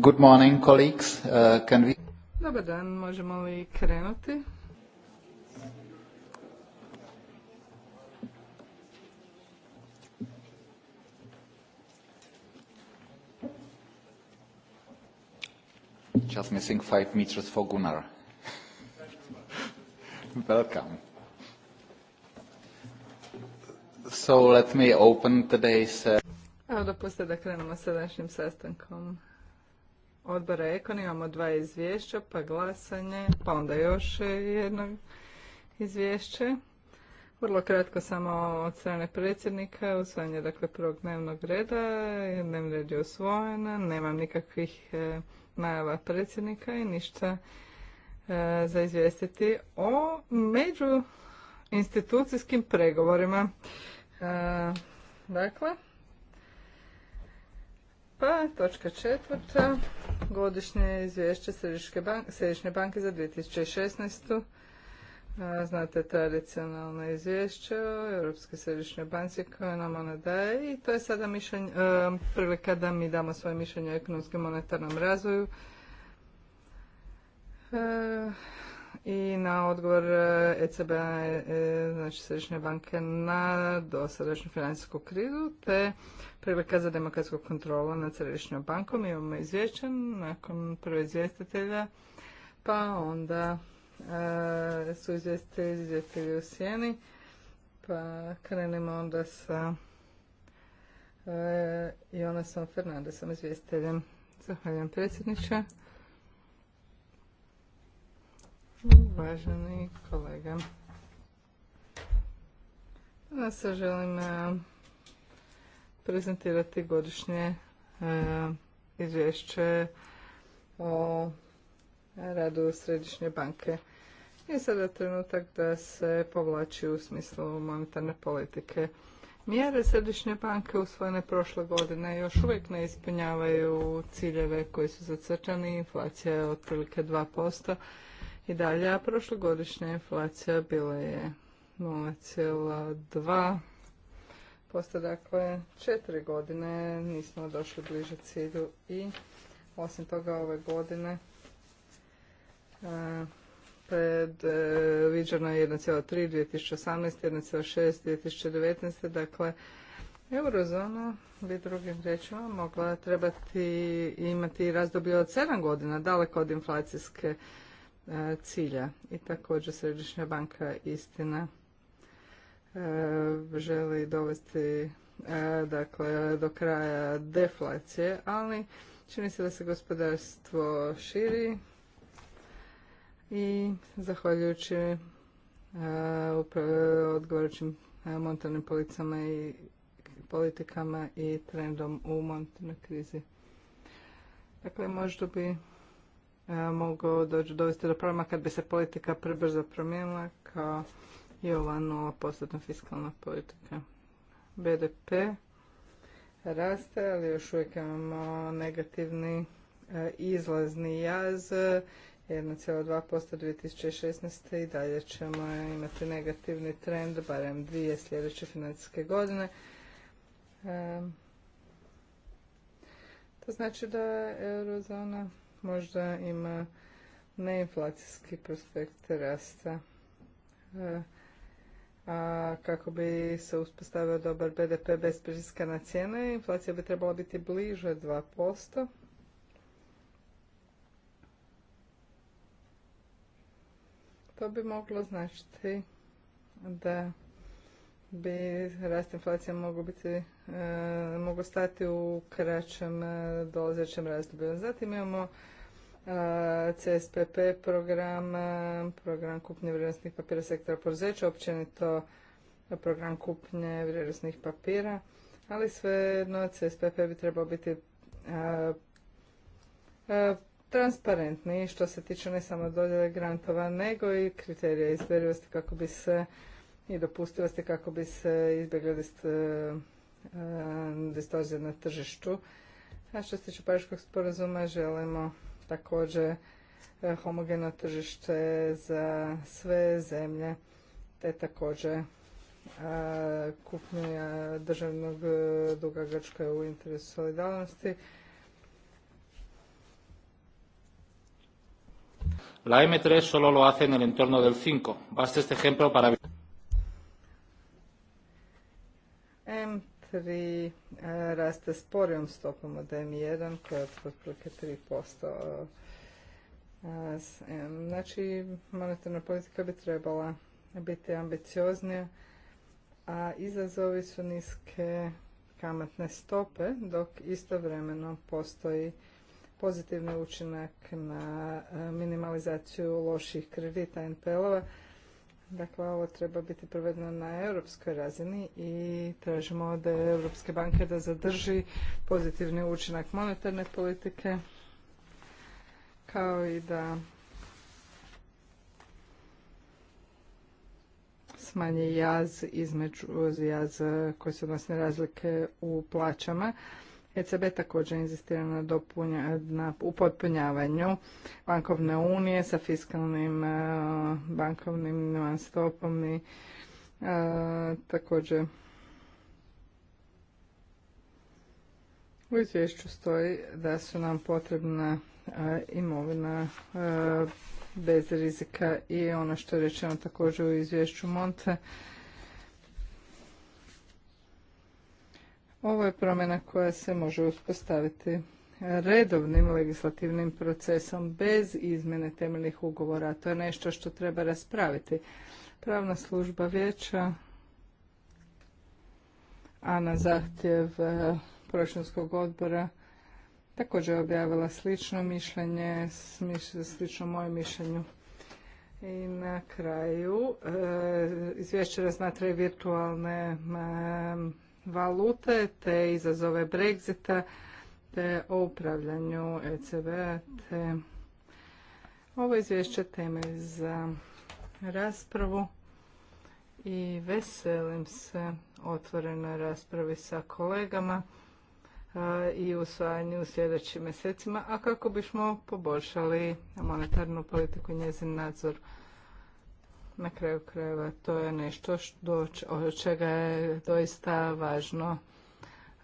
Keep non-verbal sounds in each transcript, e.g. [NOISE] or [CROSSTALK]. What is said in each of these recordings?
Good morning, colleagues. Uh, can we... Dobar dan, možemo li krenuti? Just missing five meters for Gunnar. [LAUGHS] Welcome. So let me open today's... Uh, Evo dopustite da krenemo sa današnjim sastankom odbora Ekon. Imamo dva izvješća, pa glasanje, pa onda još jedno izvješće. Vrlo kratko samo od strane predsjednika, usvajanje dakle prvog dnevnog reda, dnevni red je usvojen, nemam nikakvih e, najava predsjednika i ništa e, za izvijestiti o među institucijskim pregovorima. E, dakle, pa točka četvrta, godišnje izvješće Središnje banke, za 2016. E, znate tradicionalno izvješće o središnje banke banci koje nam ona daje i to je sada mišljenje e, prilika da mi damo svoje mišljenje o ekonomskom monetarnom razvoju i na odgovor ECB, e e, znači Središnje banke, na dosadašnju financijsku krizu, te prilika za demokratsku kontrolu nad Središnjom bankom. Imamo izvješće nakon prve izvjestitelja, pa onda e, su izvjestitelji, izvjestitelji u sjeni, pa krenemo onda sa Jonasom Fernandesom, izvjestiteljem. Zahvaljujem predsjedniče. Uvaženi kolega. Danas se želim e, prezentirati godišnje e, izvješće o radu Središnje banke. I sada je trenutak da se povlači u smislu monetarne politike. Mjere Središnje banke usvojene prošle godine još uvijek ne ispunjavaju ciljeve koji su zacrčani. Inflacija je otprilike 2%, i dalje, a prošlogodišnja inflacija bila je 0,2 posto dakle četiri godine nismo došli bliže cilju i osim toga ove godine pred predviđeno je 1,3 2018, 1,6 2019. Dakle, eurozona bi drugim riječima mogla trebati imati razdoblje od 7 godina daleko od inflacijske E, cilja. I također Središnja banka istina e, želi dovesti e, dakle do kraja deflacije, ali čini se da se gospodarstvo širi i zahvaljujući odgovarajućim monetarnim policama i politikama i trendom u monetarnoj krizi. Dakle, možda bi E, mogu doći dovesti do problema kad bi se politika prebrzo promijenila kao i ova 0% fiskalna politika. BDP raste, ali još uvijek imamo negativni e, izlazni jaz 1,2% 2016. i dalje ćemo imati negativni trend, barem dvije sljedeće financijske godine. E, to znači da je eurozona možda ima neinflacijski prospekt rasta. E, a kako bi se uspostavio dobar BDP bez pritiska na cijene, inflacija bi trebala biti bliže 2%. To bi moglo značiti da bi rast inflacije mogao biti E, mogu stati u kraćem e, dolazećem razdoblju. Zatim imamo e, CSPP program, program kupnje vrijednosnih papira sektora poduzeća, općenito program kupnje vrijednosnih papira, ali svejedno CSPP bi trebao biti transparentni što se tiče ne samo dodjele grantova, nego i kriterija izberivosti kako bi se i dopustivosti kako bi se izbjegli Ehm, distorzije na tržištu. A što se tiče Pariškog sporazuma, želimo također eh, homogeno tržište za sve zemlje, te također eh, kupnja državnog eh, duga Grčka u interesu solidarnosti. La M3 solo lo hace en el entorno del 5. Basta este ejemplo para... 3 e, raste sporijom stopom od M1 koja je otprilike 3%. E, znači, monetarna politika bi trebala biti ambicioznija, a izazovi su niske kamatne stope, dok istovremeno postoji pozitivni učinak na e, minimalizaciju loših kredita NPL-ova, Dakle, ovo treba biti provedeno na europskoj razini i tražimo od Europske banke da zadrži pozitivni učinak monetarne politike kao i da smanji jaz između jaz koji se odnosne razlike u plaćama ECB također inzistira na, dopunja, upotpunjavanju bankovne unije sa fiskalnim e, bankovnim stopom i e, također u izvješću stoji da su nam potrebna e, imovina bez rizika i ono što je rečeno također u izvješću Monte Ovo je promjena koja se može uspostaviti redovnim legislativnim procesom bez izmjene temeljnih ugovora. To je nešto što treba raspraviti. Pravna služba vijeća, a na zahtjev e, proračunskog odbora, također je objavila slično mišljenje, slično moje mišljenju. I na kraju, e, izvješće razmatra i virtualne valute te izazove Brexita te o upravljanju ecb te ovo izvješće teme za raspravu i veselim se otvorenoj raspravi sa kolegama i usvajanju u sljedećim mjesecima, a kako bismo poboljšali monetarnu politiku i njezin nadzor. Na kraju krajeva to je nešto što, od čega je doista važno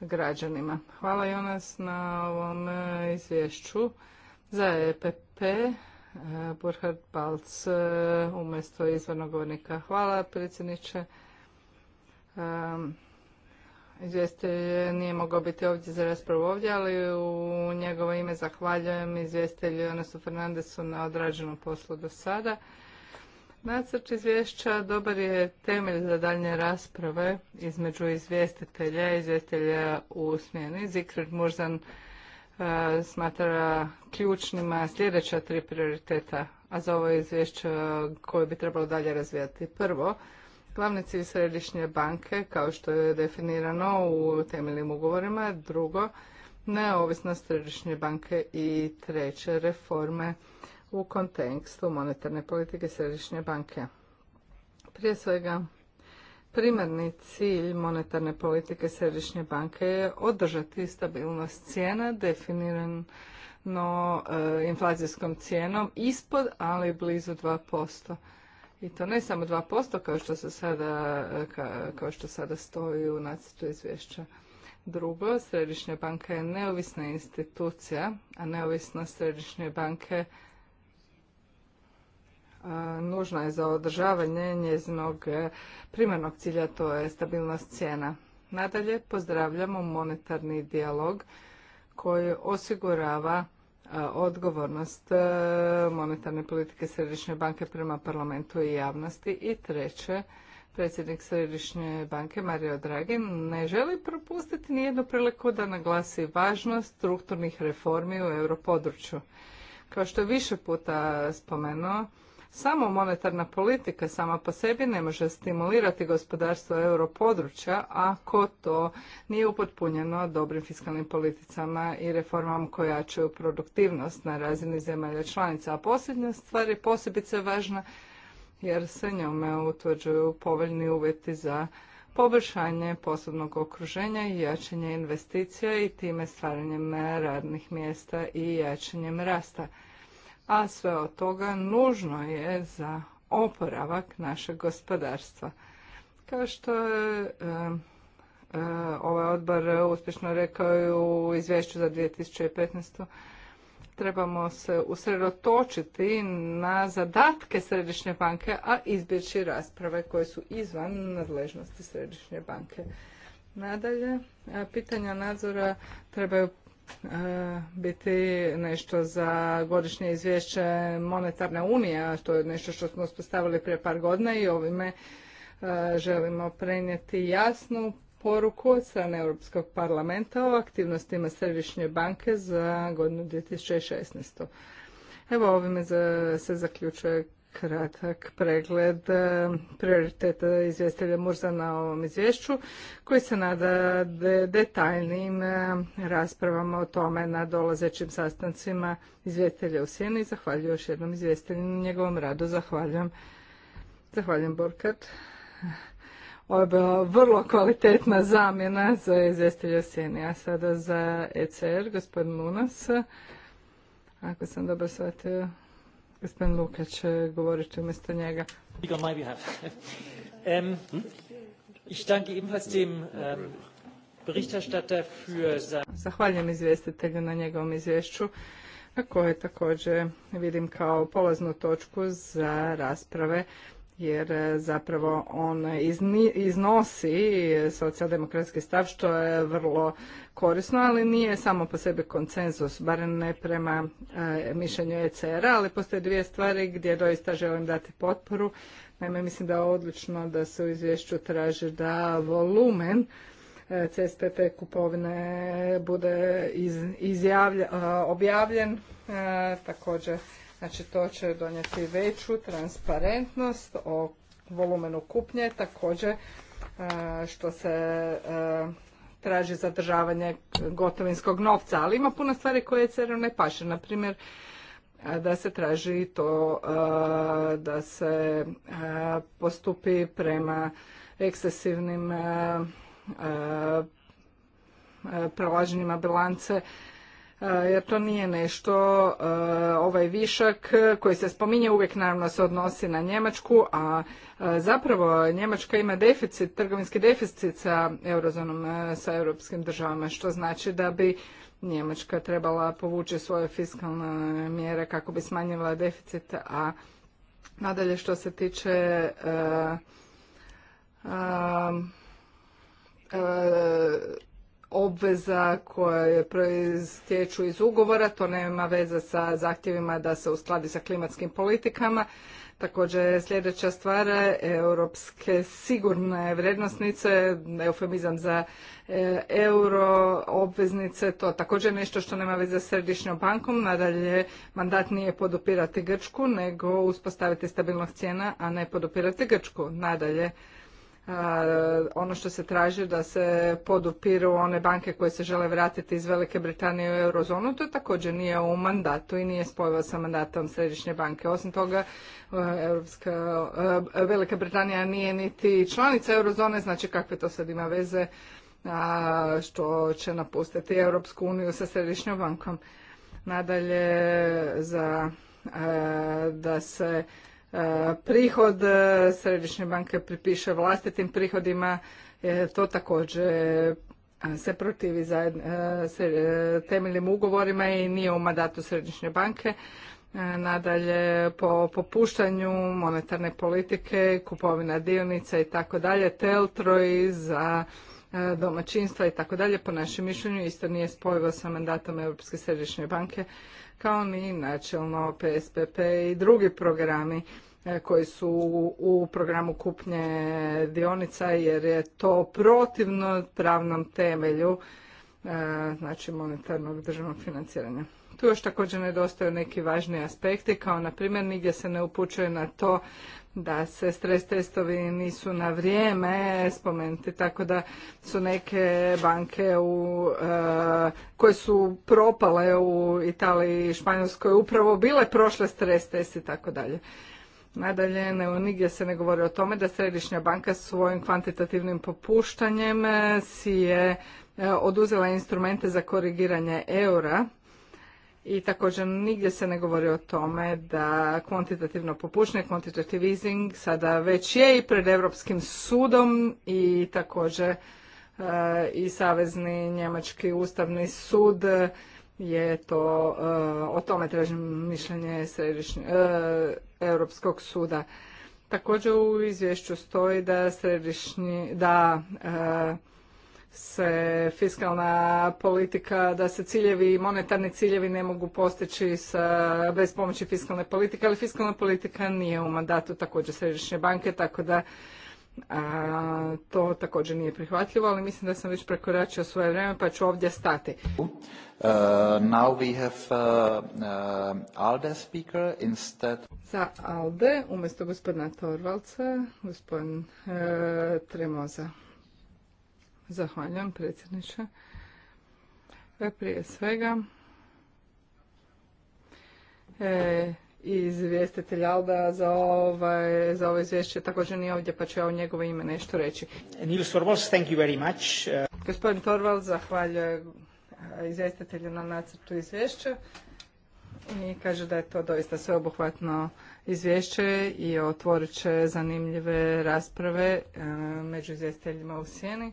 građanima. Hvala Jonas na ovom e, izvješću za EPP. E, Burhard Balc e, umjesto izvornog govornika. Hvala predsjedniče. Izvjestitelj nije mogao biti ovdje za raspravu ovdje, ali u njegovo ime zahvaljujem izvjestitelju Jonasu Fernandesu na odrađenom poslu do sada. Nacrt izvješća dobar je temelj za daljnje rasprave između izvjestitelja i izvjestitelja u smjeni. Zikred Murzan e, smatra ključnima sljedeća tri prioriteta, a za ovo izvješće koje bi trebalo dalje razvijati. Prvo, glavni cilj središnje banke, kao što je definirano u temeljnim ugovorima. Drugo, neovisnost središnje banke i treće, reforme u kontekstu monetarne politike Središnje banke. Prije svega, primarni cilj monetarne politike Središnje banke je održati stabilnost cijena definiran no e, inflacijskom cijenom ispod, ali blizu 2%. I to ne samo 2% kao što se sada, e, kao što sada stoji u nacrtu izvješća. Drugo, Središnja banka je neovisna institucija, a neovisnost Središnje banke nužna je za održavanje njezinog e, primarnog cilja, to je stabilnost cijena. Nadalje, pozdravljamo monetarni dijalog koji osigurava e, odgovornost e, monetarne politike Središnje banke prema parlamentu i javnosti. I treće, predsjednik Središnje banke Mario Draghi ne želi propustiti nijednu priliku da naglasi važnost strukturnih reformi u europodručju. Kao što je više puta spomenuo, samo monetarna politika sama po sebi ne može stimulirati gospodarstvo europodručja ako to nije upotpunjeno dobrim fiskalnim politikama i reformama koje jačaju produktivnost na razini zemalja članica. A posljednja stvar je posebice važna jer se njome utvrđuju povoljni uvjeti za poboljšanje poslovnog okruženja i jačanje investicija i time stvaranjem radnih mjesta i jačanjem rasta a sve od toga nužno je za oporavak našeg gospodarstva. Kao što je e, e, ovaj odbor uspješno rekao i u izvješću za 2015. trebamo se usredotočiti na zadatke Središnje banke, a izbjeći rasprave koje su izvan nadležnosti Središnje banke. Nadalje, e, pitanja nadzora trebaju biti nešto za godišnje izvješće Monetarne unije, a to je nešto što smo uspostavili prije par godina i ovime e, želimo prenijeti jasnu poruku od strane Europskog parlamenta o aktivnostima Središnje banke za godinu 2016. Evo ovime se zaključuje kratak pregled e, prioriteta izvjestelja Murza na ovom izvješću koji se nada detaljnim e, raspravama o tome na dolazećim sastancima izvjestelja u Sjeni. Zahvaljujem još jednom izvjestelju na njegovom radu. Zahvaljujem. Zahvaljujem Borkat. Ovo je bila vrlo kvalitetna zamjena za izvjestelja u Sjeni. A sada za ECR, gospodin Munas. Ako sam dobro shvatio. Gospodin Luka će govoriti umjesto njega. Zahvaljujem izvjestitelju na njegovom izvješću koje također vidim kao polaznu točku za rasprave jer e, zapravo on iznosi socijaldemokratski stav što je vrlo korisno, ali nije samo po sebi konsenzus, barem ne prema e, mišljenju ECR-a, ali postoje dvije stvari gdje doista želim dati potporu. Naime, mislim da je odlično da se u izvješću traži da volumen e, CSPP kupovine bude e, objavljen. E, također, znači to će donijeti veću transparentnost o volumenu kupnje, također što se traži zadržavanje gotovinskog novca, ali ima puno stvari koje ECR-u ne paše. Naprimjer, da se traži to e, da se e, postupi prema ekscesivnim e, prelaženjima bilance jer to nije nešto, ovaj višak koji se spominje uvijek naravno se odnosi na Njemačku, a zapravo Njemačka ima deficit, trgovinski deficit sa eurozonom, sa europskim državama, što znači da bi Njemačka trebala povući svoje fiskalne mjere kako bi smanjila deficit, a nadalje što se tiče obveza koje proistječu iz ugovora, to nema veze sa zahtjevima da se uskladi sa klimatskim politikama. Također sljedeća stvar, europske sigurne vrednostnice, eufemizam za e, euro obveznice, to također nešto što nema veze s središnjom bankom. Nadalje, mandat nije podupirati Grčku, nego uspostaviti stabilnost cijena, a ne podupirati Grčku. Nadalje, ono što se traži da se podupiru one banke koje se žele vratiti iz Velike Britanije u eurozonu, to također nije u mandatu i nije spojivo sa mandatom Središnje banke. Osim toga, Velika Britanija nije niti članica eurozone, znači kakve to sad ima veze što će napustiti Europsku uniju sa Središnjom bankom. Nadalje, za da se E, prihod e, središnje banke pripiše vlastitim prihodima, e, to također se protivi temeljnim ugovorima i nije u mandatu središnje banke. Nadalje, po popuštanju monetarne politike, kupovina dionica i tako dalje, teltroj za domaćinstva i tako dalje, po našem mišljenju isto nije spojivo sa mandatom Europske središnje banke, kao ni načelno PSPP i drugi programi e, koji su u programu kupnje dionica jer je to protivno pravnom temelju e, znači monetarnog državnog financiranja. Tu još također nedostaju neki važni aspekti, kao na primjer nigdje se ne upućuje na to da se stres testovi nisu na vrijeme spomenuti, tako da su neke banke u, e, koje su propale u Italiji i Španjolskoj upravo bile prošle stres test i tako dalje. Nadalje, ne, nigdje se ne govori o tome da Središnja banka svojim kvantitativnim popuštanjem e, si je e, oduzela instrumente za korigiranje eura, i također nigdje se ne govori o tome da kvantitativno popušne, kvantitativizing sada već je i pred Europskim sudom i također e, i Savezni Njemački Ustavni sud je to, e, o tome tražim mišljenje e, Europskog suda. Također u izvješću stoji da središnji, da se fiskalna politika, da se ciljevi monetarni ciljevi ne mogu postići bez pomoći fiskalne politike, ali fiskalna politika nije u mandatu također Središnje banke, tako da to također nije prihvatljivo, ali mislim da sam već prekoračio svoje vrijeme pa ću ovdje stati. Uh, uh, uh, Za Alde, umjesto gospodina Torvalca, gospodin Tremoza. Zahvaljujem predsjedniče. E, prije svega, e, izvjestitelj Alda za, ovaj, za ovo izvješće također nije ovdje, pa ću ja u njegovo ime nešto reći. Nils Torvalds, thank you very much. Gospodin Torvalds zahvaljuje e, izvjestitelju na nacrtu izvješća i kaže da je to doista sveobuhvatno izvješće i otvorit će zanimljive rasprave među izvjestiteljima u sjeni.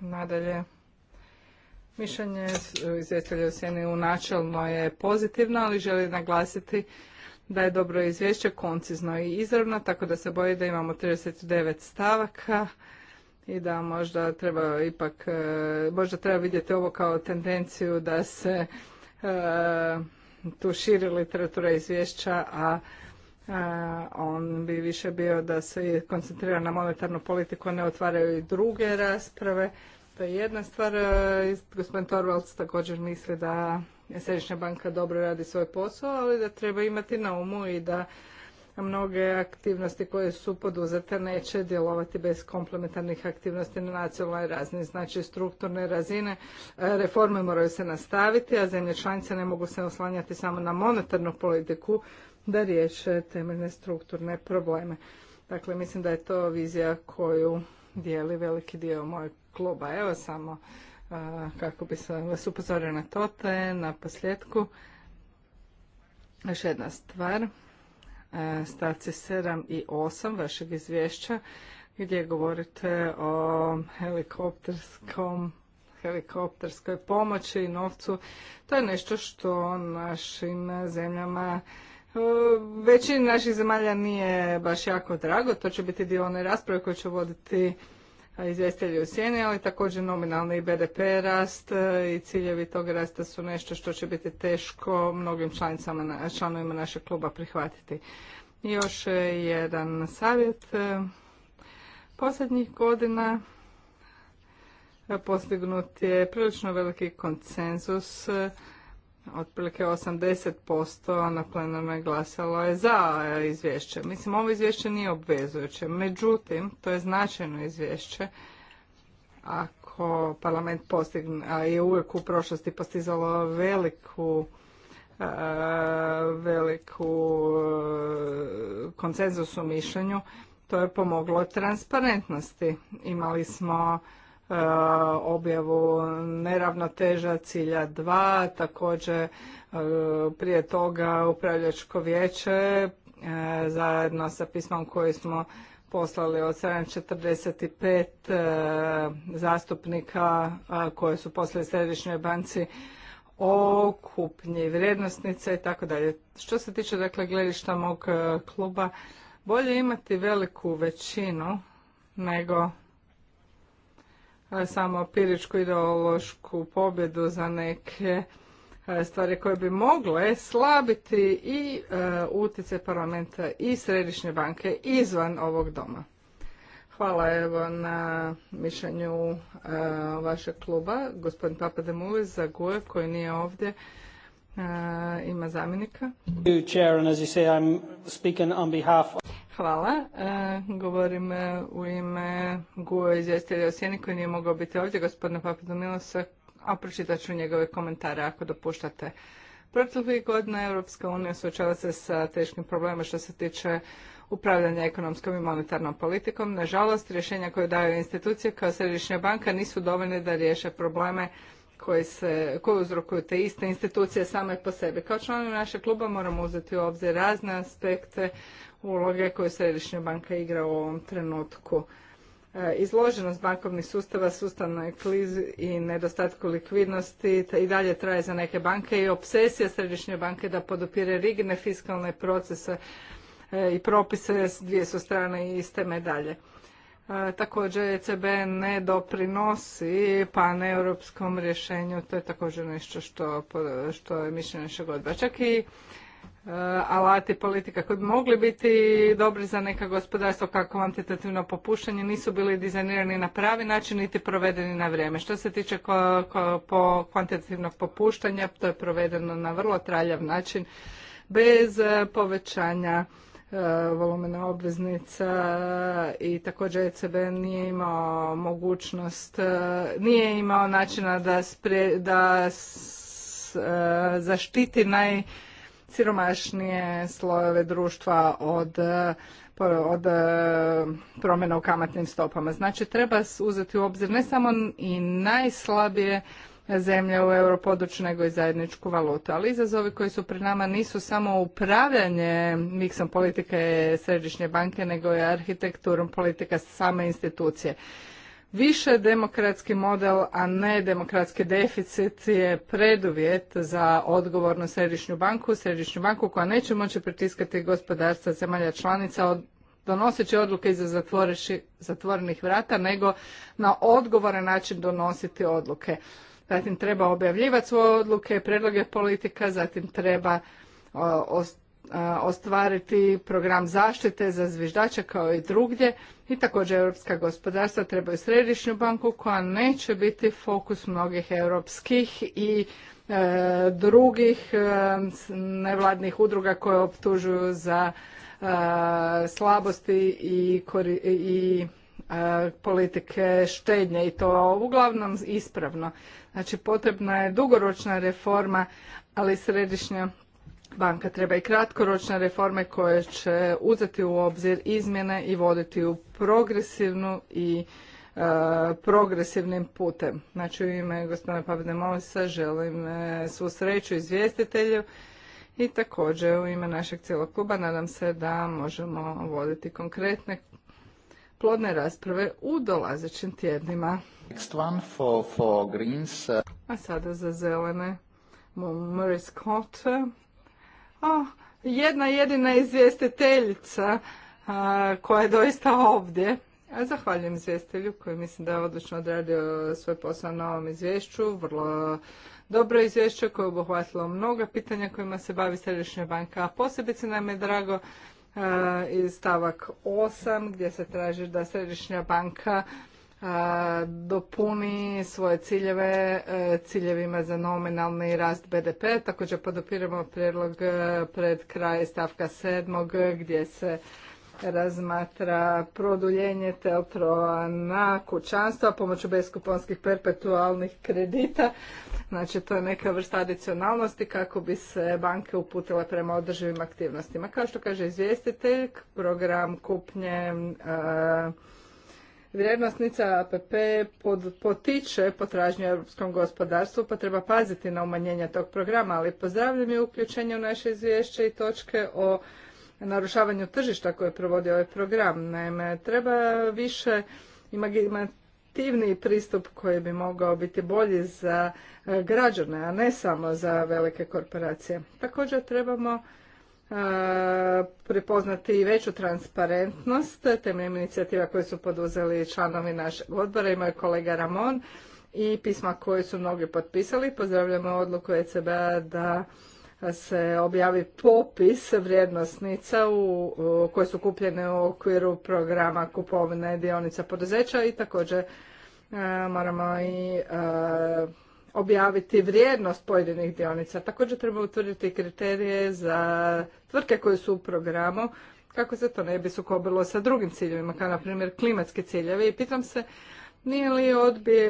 Nadalje, mišljenje izvjestitelja u sjeni u načelno je pozitivno, ali želi naglasiti da je dobro izvješće koncizno i izravno, tako da se boji da imamo 39 stavaka i da možda treba ipak, e, možda treba vidjeti ovo kao tendenciju da se e, tu širi literatura izvješća, a on bi više bio da se koncentrira na monetarnu politiku, ne otvaraju i druge rasprave. To je jedna stvar. E, gospodin Torvalds također misli da Središnja banka dobro radi svoj posao, ali da treba imati na umu i da mnoge aktivnosti koje su poduzete neće djelovati bez komplementarnih aktivnosti na nacionalnoj razini. Znači strukturne razine e, reforme moraju se nastaviti, a zemlje članice ne mogu se oslanjati samo na monetarnu politiku da riješe temeljne strukturne probleme. Dakle, mislim da je to vizija koju dijeli veliki dio mojeg kluba. Evo samo kako bi se vas upozorio na to, te na posljedku još jedna stvar. stavci 7 i 8 vašeg izvješća gdje govorite o helikopterskom helikopterskoj pomoći i novcu. To je nešto što našim zemljama većini naših zemalja nije baš jako drago, to će biti dio one rasprave koju će voditi izvjestitelji u sjeni, ali također nominalni i BDP rast e, i ciljevi tog rasta su nešto što će biti teško mnogim članovima našeg kluba prihvatiti. još e, jedan savjet. E, posljednjih godina postignut je prilično veliki konsenzus otprilike 80% na plenome glasalo je za e, izvješće. Mislim, ovo izvješće nije obvezujuće. Međutim, to je značajno izvješće. Ako parlament postigne, a je uvijek u prošlosti postizalo veliku e, veliku e, konsenzus u mišljenju, to je pomoglo transparentnosti. Imali smo Eh, objavu neravnoteža cilja 2, također eh, prije toga upravljačko vijeće eh, zajedno sa pismom koji smo poslali od 745 zastupnika koje su poslali Središnjoj banci o kupnji vrijednostnice i tako dalje. Što se tiče dakle gledišta mog kluba, bolje imati veliku većinu nego E, samo piričku ideološku pobjedu za neke e, stvari koje bi mogle slabiti i e, utjece parlamenta i središnje banke izvan ovog doma. Hvala evo na mišljenju vašeg kluba. Gospodin Papademulis za GUE koji nije ovdje ima zamjenika. Hvala. E, govorim e, u ime Guo e izvjestitelja o sjeni koji nije mogao biti ovdje, gospodina Papadomilosa, a pročitat ću njegove komentare ako dopuštate. Proteklih godina Europska unija suočava se sa teškim problemima što se tiče upravljanja ekonomskom i monetarnom politikom. Nažalost, rješenja koje daju institucije kao Središnja banka nisu dovoljne da riješe probleme koje, se, koje uzrokuju te iste institucije same po sebi. Kao članovi našeg kluba moramo uzeti u obzir razne aspekte uloge koje Središnja banka igra u ovom trenutku. E, izloženost bankovnih sustava, sustavnoj klizi i nedostatku likvidnosti i dalje traje za neke banke i obsesija Središnje banke da podupire rigne fiskalne procese e, i propise s dvije su strane i iste medalje. E, također ECB ne doprinosi pa europskom rješenju, to je također nešto što, što je mišljenje šegodba. Čak i E, alati politika koji bi mogli biti dobri za neka gospodarstva kako kvantitativno popuštanje nisu bili dizajnirani na pravi način niti provedeni na vrijeme. Što se tiče po kvantitativnog popuštanja, to je provedeno na vrlo traljav način bez e, povećanja e, volumena obveznica i također ECB nije imao mogućnost, nije imao načina da, da zaštiti naj siromašnije slojeve društva od, od e, promjena u kamatnim stopama. Znači treba uzeti u obzir ne samo i najslabije zemlje u europodručju nego i zajedničku valutu. Ali izazovi koji su pred nama nisu samo upravljanje miksom politike središnje banke nego i arhitekturom politika same institucije više demokratski model, a ne demokratski deficit je preduvjet za odgovornu središnju banku, središnju banku koja neće moći pritiskati gospodarstva zemalja članica od donoseći odluke iza zatvorenih vrata, nego na odgovoran način donositi odluke. Zatim treba objavljivati svoje odluke, predloge politika, zatim treba ostvariti program zaštite za zviždača kao i drugdje, i također europska gospodarstva trebaju središnju banku koja neće biti fokus mnogih europskih i e, drugih e, nevladnih udruga koje optužuju za e, slabosti i, i e, politike štednje i to uglavnom ispravno. Znači potrebna je dugoročna reforma, ali središnja banka treba i kratkoročne reforme koje će uzeti u obzir izmjene i voditi u progresivnu i e, progresivnim putem. Znači u ime gospodina Pavide Molisa želim e, svu sreću izvjestitelju i također u ime našeg cijelog kluba nadam se da možemo voditi konkretne plodne rasprave u dolazećim tjednima. Uh, A sada za zelene Murray Scott oh, jedna jedina izvjestiteljica koja je doista ovdje. A zahvaljujem izvjestitelju koji mislim da je odlično odradio svoj posao na ovom izvješću. Vrlo dobro izvješće koje je obuhvatilo mnoga pitanja kojima se bavi Središnja banka. A posebice nam je drago i stavak 8 gdje se traži da Središnja banka dopuni svoje ciljeve e, ciljevima za nominalni rast BDP. Također podopiramo prijedlog e, pred kraj stavka sedmog gdje se razmatra produljenje teltroa na kućanstva pomoću beskuponskih perpetualnih kredita. Znači to je neka vrsta adicionalnosti kako bi se banke uputile prema održivim aktivnostima. Kao što kaže izvjestitelj, program kupnje e, Vrijednostnica APP potiče potražnju europskom gospodarstvu, pa treba paziti na umanjenje tog programa, ali pozdravljam je uključenje u naše izvješće i točke o narušavanju tržišta koje provodi ovaj program. Naime, treba više imaginativni pristup koji bi mogao biti bolji za e, građane, a ne samo za velike korporacije. Također trebamo E, prepoznati i veću transparentnost temeljem inicijativa koje su poduzeli članovi našeg odbora i moj kolega Ramon i pisma koje su mnogi potpisali. Pozdravljamo odluku ecb da se objavi popis vrijednosnica koje su kupljene u okviru programa kupovine dionica poduzeća i također e, moramo i e, objaviti vrijednost pojedinih dionica. Također treba utvrditi kriterije za tvrtke koje su u programu kako se to ne bi sukobilo sa drugim ciljevima, kao na primjer klimatski ciljevi. I pitam se nije li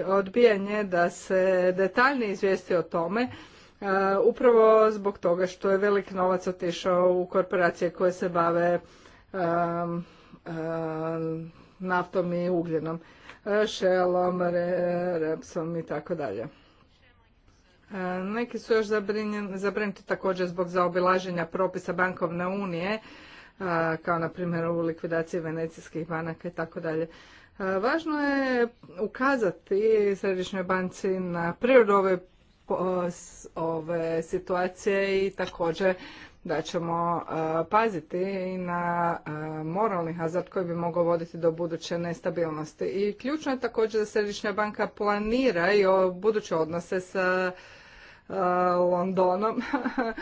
odbijanje da se detaljnije izvijesti o tome, e, upravo zbog toga što je velik novac otišao u korporacije koje se bave naftom i ugljenom, šelom, repsom i tako dalje. E, neki su još zabrinuti također zbog zaobilaženja propisa bankovne unije, e, kao na primjer u likvidaciji venecijskih banaka i tako dalje. E, važno je ukazati Središnjoj banci na prirodu ove, ove situacije i također da ćemo paziti i na moralni hazard koji bi mogao voditi do buduće nestabilnosti. I ključno je također da Središnja banka planira i buduće odnose sa Uh, Londonom.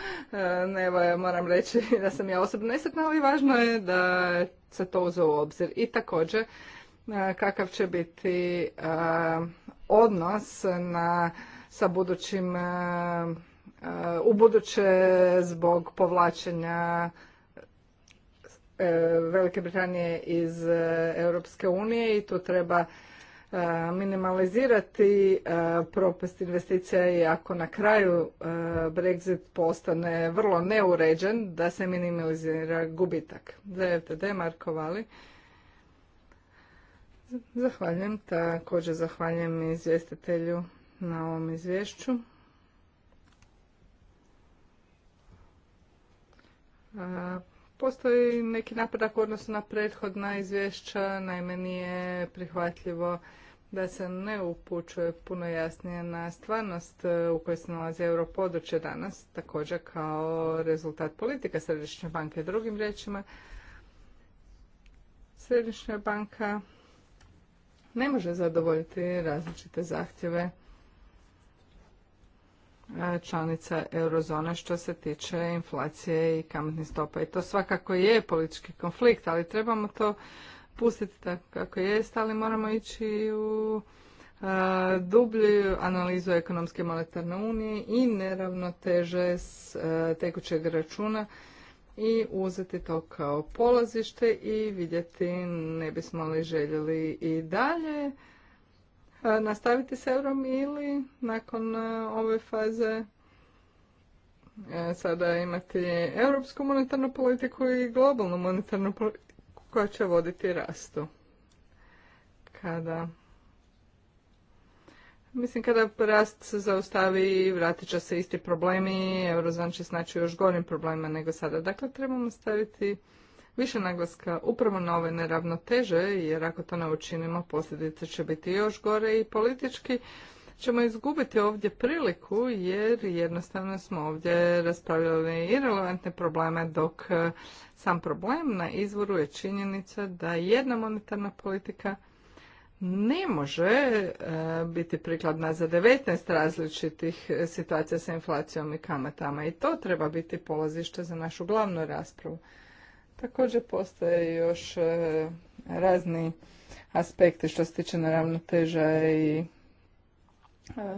[LAUGHS] Evo, moram reći da sam ja osobno nesretna, ali važno je da se to uze u obzir. I također, uh, kakav će biti uh, odnos na, sa budućim u buduće zbog povlačenja Velike Britanije iz Europske unije i tu treba E, minimalizirati e, propast investicija i ako na kraju e, Brexit postane vrlo neuređen, da se minimalizira gubitak. ZFTD Markovali. Zahvaljujem, također zahvaljujem izvjestitelju na ovom izvješću. Postoji neki napredak u odnosu na prethodna izvješća, naime nije prihvatljivo da se ne upućuje puno jasnije na stvarnost e, u kojoj se nalazi europodručje danas, također kao rezultat politika Središnje banke. Drugim riječima, Središnja banka ne može zadovoljiti različite zahtjeve e, članica eurozone što se tiče inflacije i kamatnih stopa. I to svakako je politički konflikt, ali trebamo to pustiti tako kako jest, ali moramo ići u a, dublju analizu ekonomske monetarne unije i neravnoteže s a, tekućeg računa i uzeti to kao polazište i vidjeti ne bismo li željeli i dalje nastaviti s eurom ili nakon ove faze sada imati europsku monetarnu politiku i globalnu monetarnu politiku koja će voditi rastu. Kada Mislim, kada rast se zaustavi, vratit će se isti problemi, eurozvan će snaći još gorim problema nego sada. Dakle, trebamo staviti više naglaska upravo na ove neravnoteže, jer ako to ne učinimo, posljedice će biti još gore i politički ćemo izgubiti ovdje priliku jer jednostavno smo ovdje raspravljali irelevantne probleme dok e, sam problem na izvoru je činjenica da jedna monetarna politika ne može e, biti prikladna za 19 različitih situacija sa inflacijom i kamatama i to treba biti polazište za našu glavnu raspravu. Također postoje još e, razni aspekti što se tiče neravnoteža i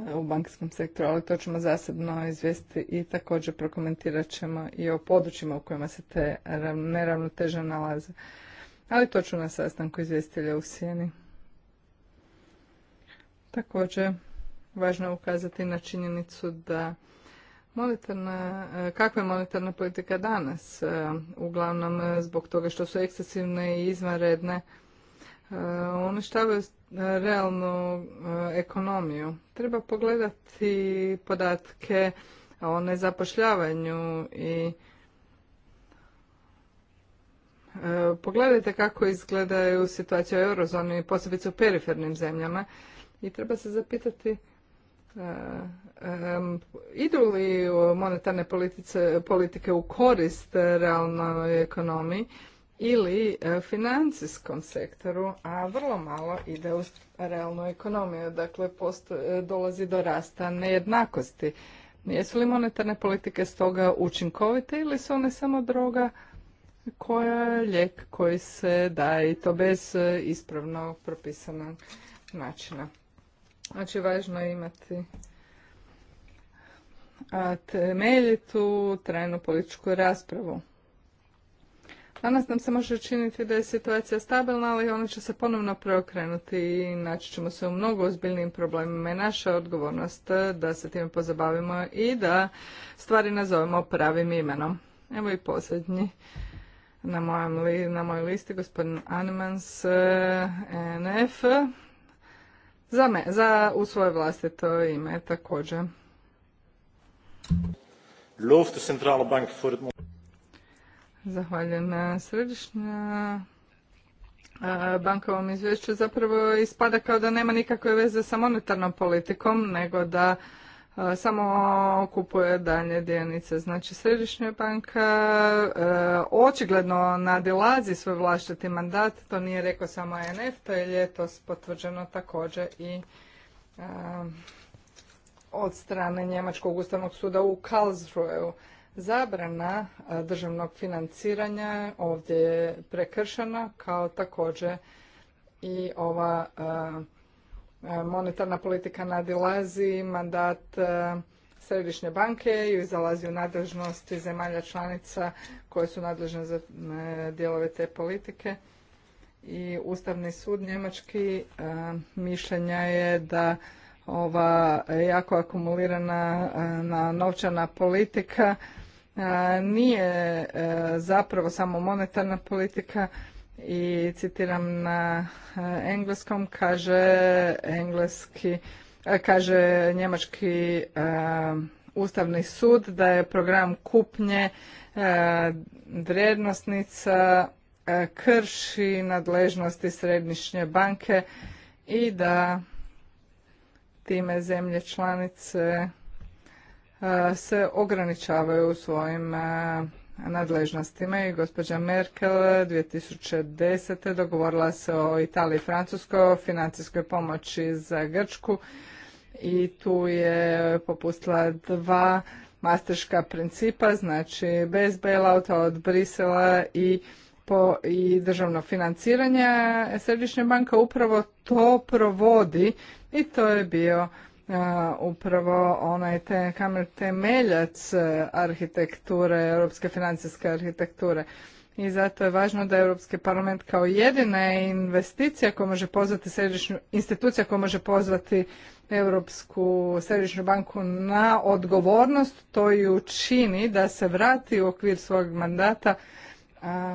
E, u bankarskom sektoru, ali to ćemo zasebno izvijestiti i također prokomentirat ćemo i o područjima u kojima se te neravnoteže nalaze. Ali to ću na sastanku izvjestitelja u Sjeni. Također, važno je ukazati na činjenicu da monetarna, e, kakva je monetarna politika danas, e, uglavnom zbog toga što su ekscesivne i izvanredne uništavaju eh, ono eh, realnu eh, ekonomiju. Treba pogledati podatke o nezapošljavanju i pogledajte kako izgledaju situacije u eurozoni, posebice u perifernim zemljama i treba se zapitati idu li monetarne politike u korist realnoj ekonomiji ili e, financijskom sektoru, a vrlo malo ide u realnu ekonomiju. Dakle, e, dolazi do rasta nejednakosti. Jesu li monetarne politike stoga učinkovite ili su one samo droga koja je lijek koji se daje i to bez e, ispravno propisanog načina. Znači, važno je imati temeljitu trajnu političku raspravu. Danas nam se može činiti da je situacija stabilna, ali ona će se ponovno preokrenuti i naći ćemo se u mnogo ozbiljnim problemima. I naša odgovornost da se time pozabavimo i da stvari nazovemo pravim imenom. Evo i posljednji na, mojoj listi, gospodin Animans eh, NF, za, me, za u svoje vlastito ime također. centrale bank Zahvaljujem. E, središnja e, bankovom izvješću zapravo ispada kao da nema nikakve veze sa monetarnom politikom, nego da e, samo kupuje dalje dionice. Znači, Središnja banka očigledno nadilazi svoj vlastiti mandat, to nije rekao samo nf to je ljetos potvrđeno također i od strane Njemačkog ustavnog suda u Karlsruheu. Zabrana državnog financiranja ovdje je prekršena kao također i ova monetarna politika nadilazi mandat Središnje banke i zalazi u nadležnosti zemalja članica koje su nadležne za dijelove te politike. I Ustavni sud njemački mišljenja je da ova jako akumulirana novčana politika nije e, zapravo samo monetarna politika i citiram na e, engleskom kaže engleski e, kaže njemački Ustavni sud da je program kupnje vrijednosnica krši nadležnosti središnje banke i da time zemlje članice E, se ograničavaju u svojim e, nadležnostima i gospođa Merkel 2010. dogovorila se o Italiji i Francuskoj o financijskoj pomoći za Grčku i tu je popustila dva masterška principa, znači bez bailouta od Brisela i i državno financiranje. Središnja banka upravo to provodi i to je bio upravo onaj te, kamer temeljac e, arhitekture, europske financijske arhitekture. I zato je važno da Europski parlament kao jedina investicija koja može pozvati središnju, institucija koja može pozvati Europsku središnju banku na odgovornost, to ju čini da se vrati u okvir svog mandata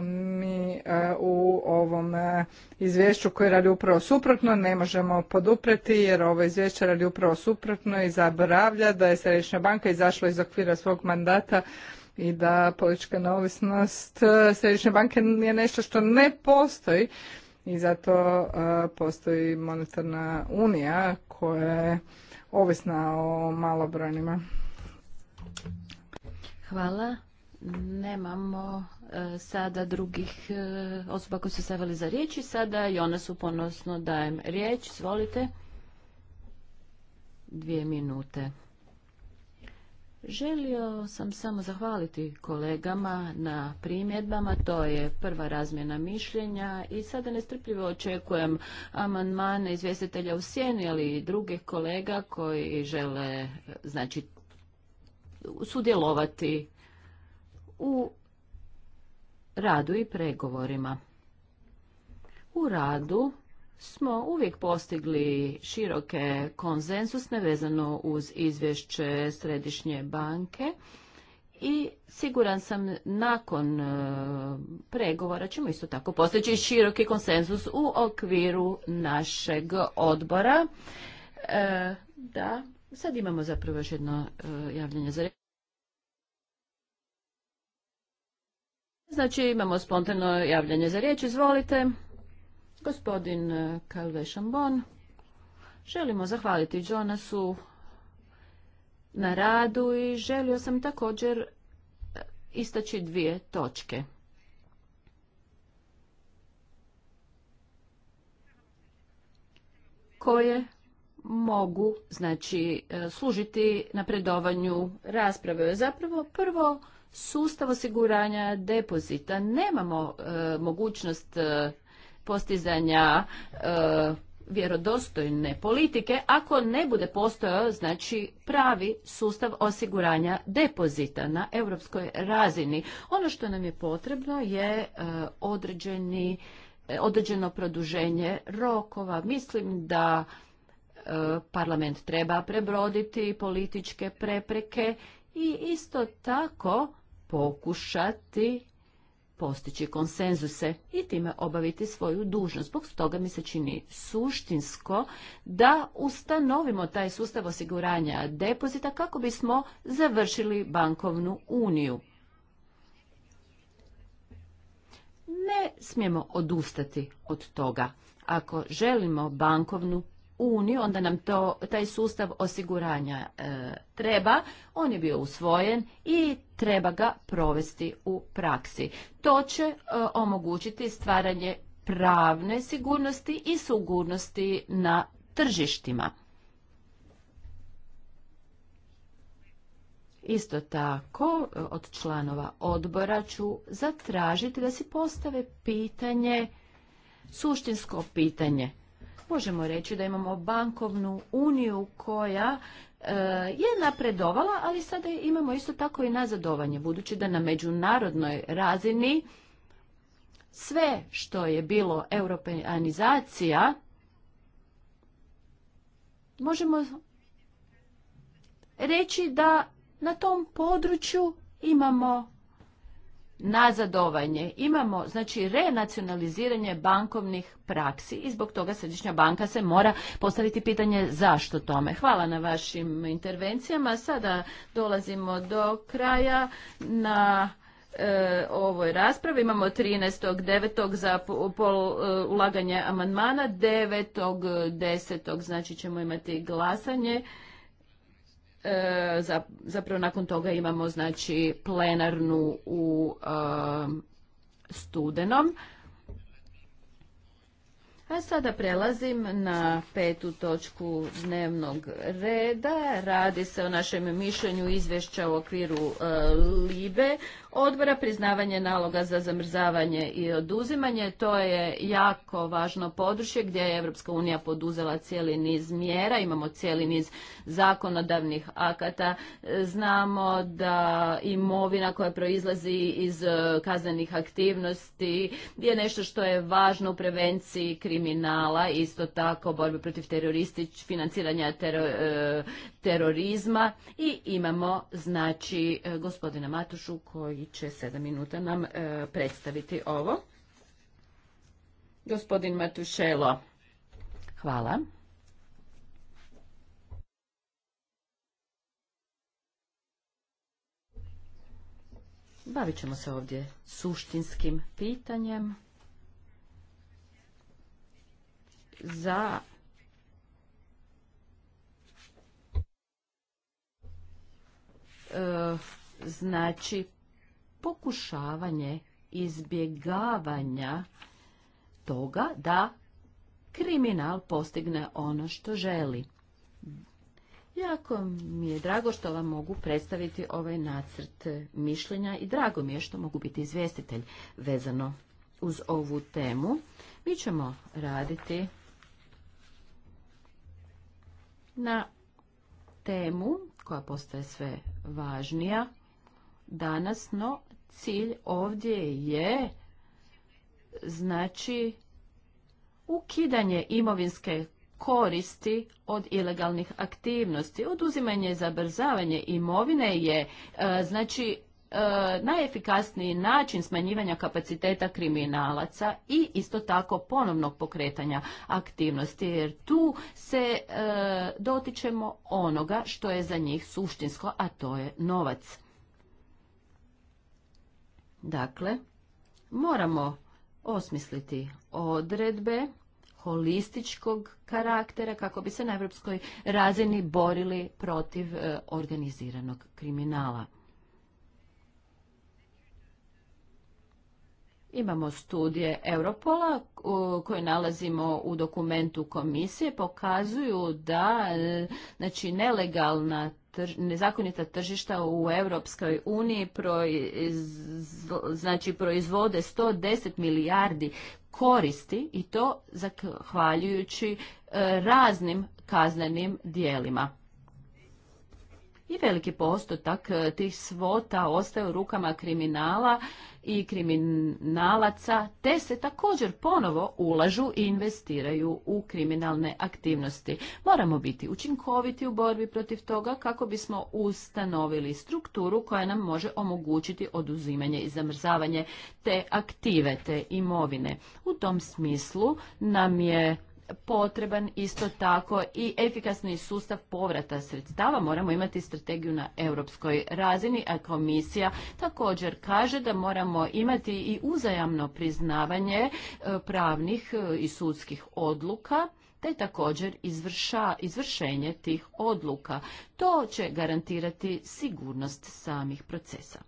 mi e, u ovom e, izvješću koje radi upravo suprotno ne možemo podupreti jer ovo izvješće radi upravo suprotno i zaboravlja da je Središnja banka izašla iz okvira svog mandata i da politička neovisnost e, Središnje banke je nešto što ne postoji i zato postoji monetarna unija koja je ovisna o malobrojnima. Hvala nemamo e, sada drugih e, osoba koji su se za riječ i sada i ona su ponosno dajem riječ. Izvolite. Dvije minute. Želio sam samo zahvaliti kolegama na primjedbama, to je prva razmjena mišljenja i sada nestrpljivo očekujem amandmane izvjestitelja u sjeni, ali i drugih kolega koji žele znači, sudjelovati u radu i pregovorima. U radu smo uvijek postigli široke konzensusne vezano uz izvješće Središnje banke i siguran sam nakon e, pregovora ćemo isto tako postići široki konsenzus u okviru našeg odbora. E, da, sad imamo zapravo još jedno e, javljanje za Znači imamo spontano javljanje za riječ. Izvolite. Gospodin Kalve eh, Šambon. Želimo zahvaliti Jonasu na radu i želio sam također eh, istaći dvije točke. koje mogu znači eh, služiti napredovanju rasprave. Zapravo prvo sustav osiguranja depozita nemamo e, mogućnost e, postizanja e, vjerodostojne politike ako ne bude postojao znači pravi sustav osiguranja depozita na europskoj razini ono što nam je potrebno je određeni određeno produženje rokova mislim da parlament treba prebroditi političke prepreke i isto tako pokušati postići konsenzuse i time obaviti svoju dužnost. Zbog toga mi se čini suštinsko da ustanovimo taj sustav osiguranja depozita kako bismo završili bankovnu uniju. Ne smijemo odustati od toga. Ako želimo bankovnu uniju, onda nam to, taj sustav osiguranja e, treba, on je bio usvojen i treba ga provesti u praksi. To će e, omogućiti stvaranje pravne sigurnosti i sigurnosti na tržištima. Isto tako, e, od članova odbora ću zatražiti da si postave pitanje, suštinsko pitanje možemo reći da imamo bankovnu uniju koja e, je napredovala, ali sada imamo isto tako i nazadovanje, budući da na međunarodnoj razini sve što je bilo europeanizacija, možemo reći da na tom području imamo nazadovanje. Imamo znači renacionaliziranje bankovnih praksi i zbog toga Središnja banka se mora postaviti pitanje zašto tome. Hvala na vašim intervencijama. Sada dolazimo do kraja na e, ovoj raspravi. Imamo 13.9. za pol, e, ulaganje amandmana, 9.10. znači ćemo imati glasanje. E, zapravo nakon toga imamo znači plenarnu u e, studenom. A sada prelazim na petu točku dnevnog reda. Radi se o našem mišljenju izvješća u okviru e, LIBE odbora, priznavanje naloga za zamrzavanje i oduzimanje. To je jako važno područje gdje je Europska unija poduzela cijeli niz mjera, imamo cijeli niz zakonodavnih akata. Znamo da imovina koja proizlazi iz e, kaznenih aktivnosti je nešto što je važno u prevenciji kriminala, isto tako borbe protiv teroristič, financiranja e, terorizma i imamo znači e, gospodina Matušu koji će sedam minuta nam e, predstaviti ovo. Gospodin Matušelo, hvala. Bavit ćemo se ovdje suštinskim pitanjem za e, znači pokušavanje izbjegavanja toga da kriminal postigne ono što želi. Jako mi je drago što vam mogu predstaviti ovaj nacrt mišljenja i drago mi je što mogu biti izvjestitelj vezano uz ovu temu. Mi ćemo raditi na temu koja postaje sve važnija danas, no cilj ovdje je znači ukidanje imovinske koristi od ilegalnih aktivnosti. Oduzimanje i zabrzavanje imovine je e, znači e, najefikasniji način smanjivanja kapaciteta kriminalaca i isto tako ponovnog pokretanja aktivnosti jer tu se e, dotičemo onoga što je za njih suštinsko, a to je novac. Dakle, moramo osmisliti odredbe holističkog karaktera kako bi se na europskoj razini borili protiv e, organiziranog kriminala. Imamo studije Europola koje nalazimo u dokumentu komisije, pokazuju da e, znači, nelegalna nezakonita tržišta u Europskoj uniji znači proizvode 110 milijardi koristi i to zahvaljujući e, raznim kaznenim dijelima. I veliki postotak e, tih svota ostaje u rukama kriminala i kriminalaca, te se također ponovo ulažu i investiraju u kriminalne aktivnosti. Moramo biti učinkoviti u borbi protiv toga kako bismo ustanovili strukturu koja nam može omogućiti oduzimanje i zamrzavanje te aktive, te imovine. U tom smislu nam je potreban isto tako i efikasni sustav povrata sredstava. Moramo imati strategiju na europskoj razini, a komisija također kaže da moramo imati i uzajamno priznavanje e, pravnih e, i sudskih odluka te također izvrša, izvršenje tih odluka. To će garantirati sigurnost samih procesa.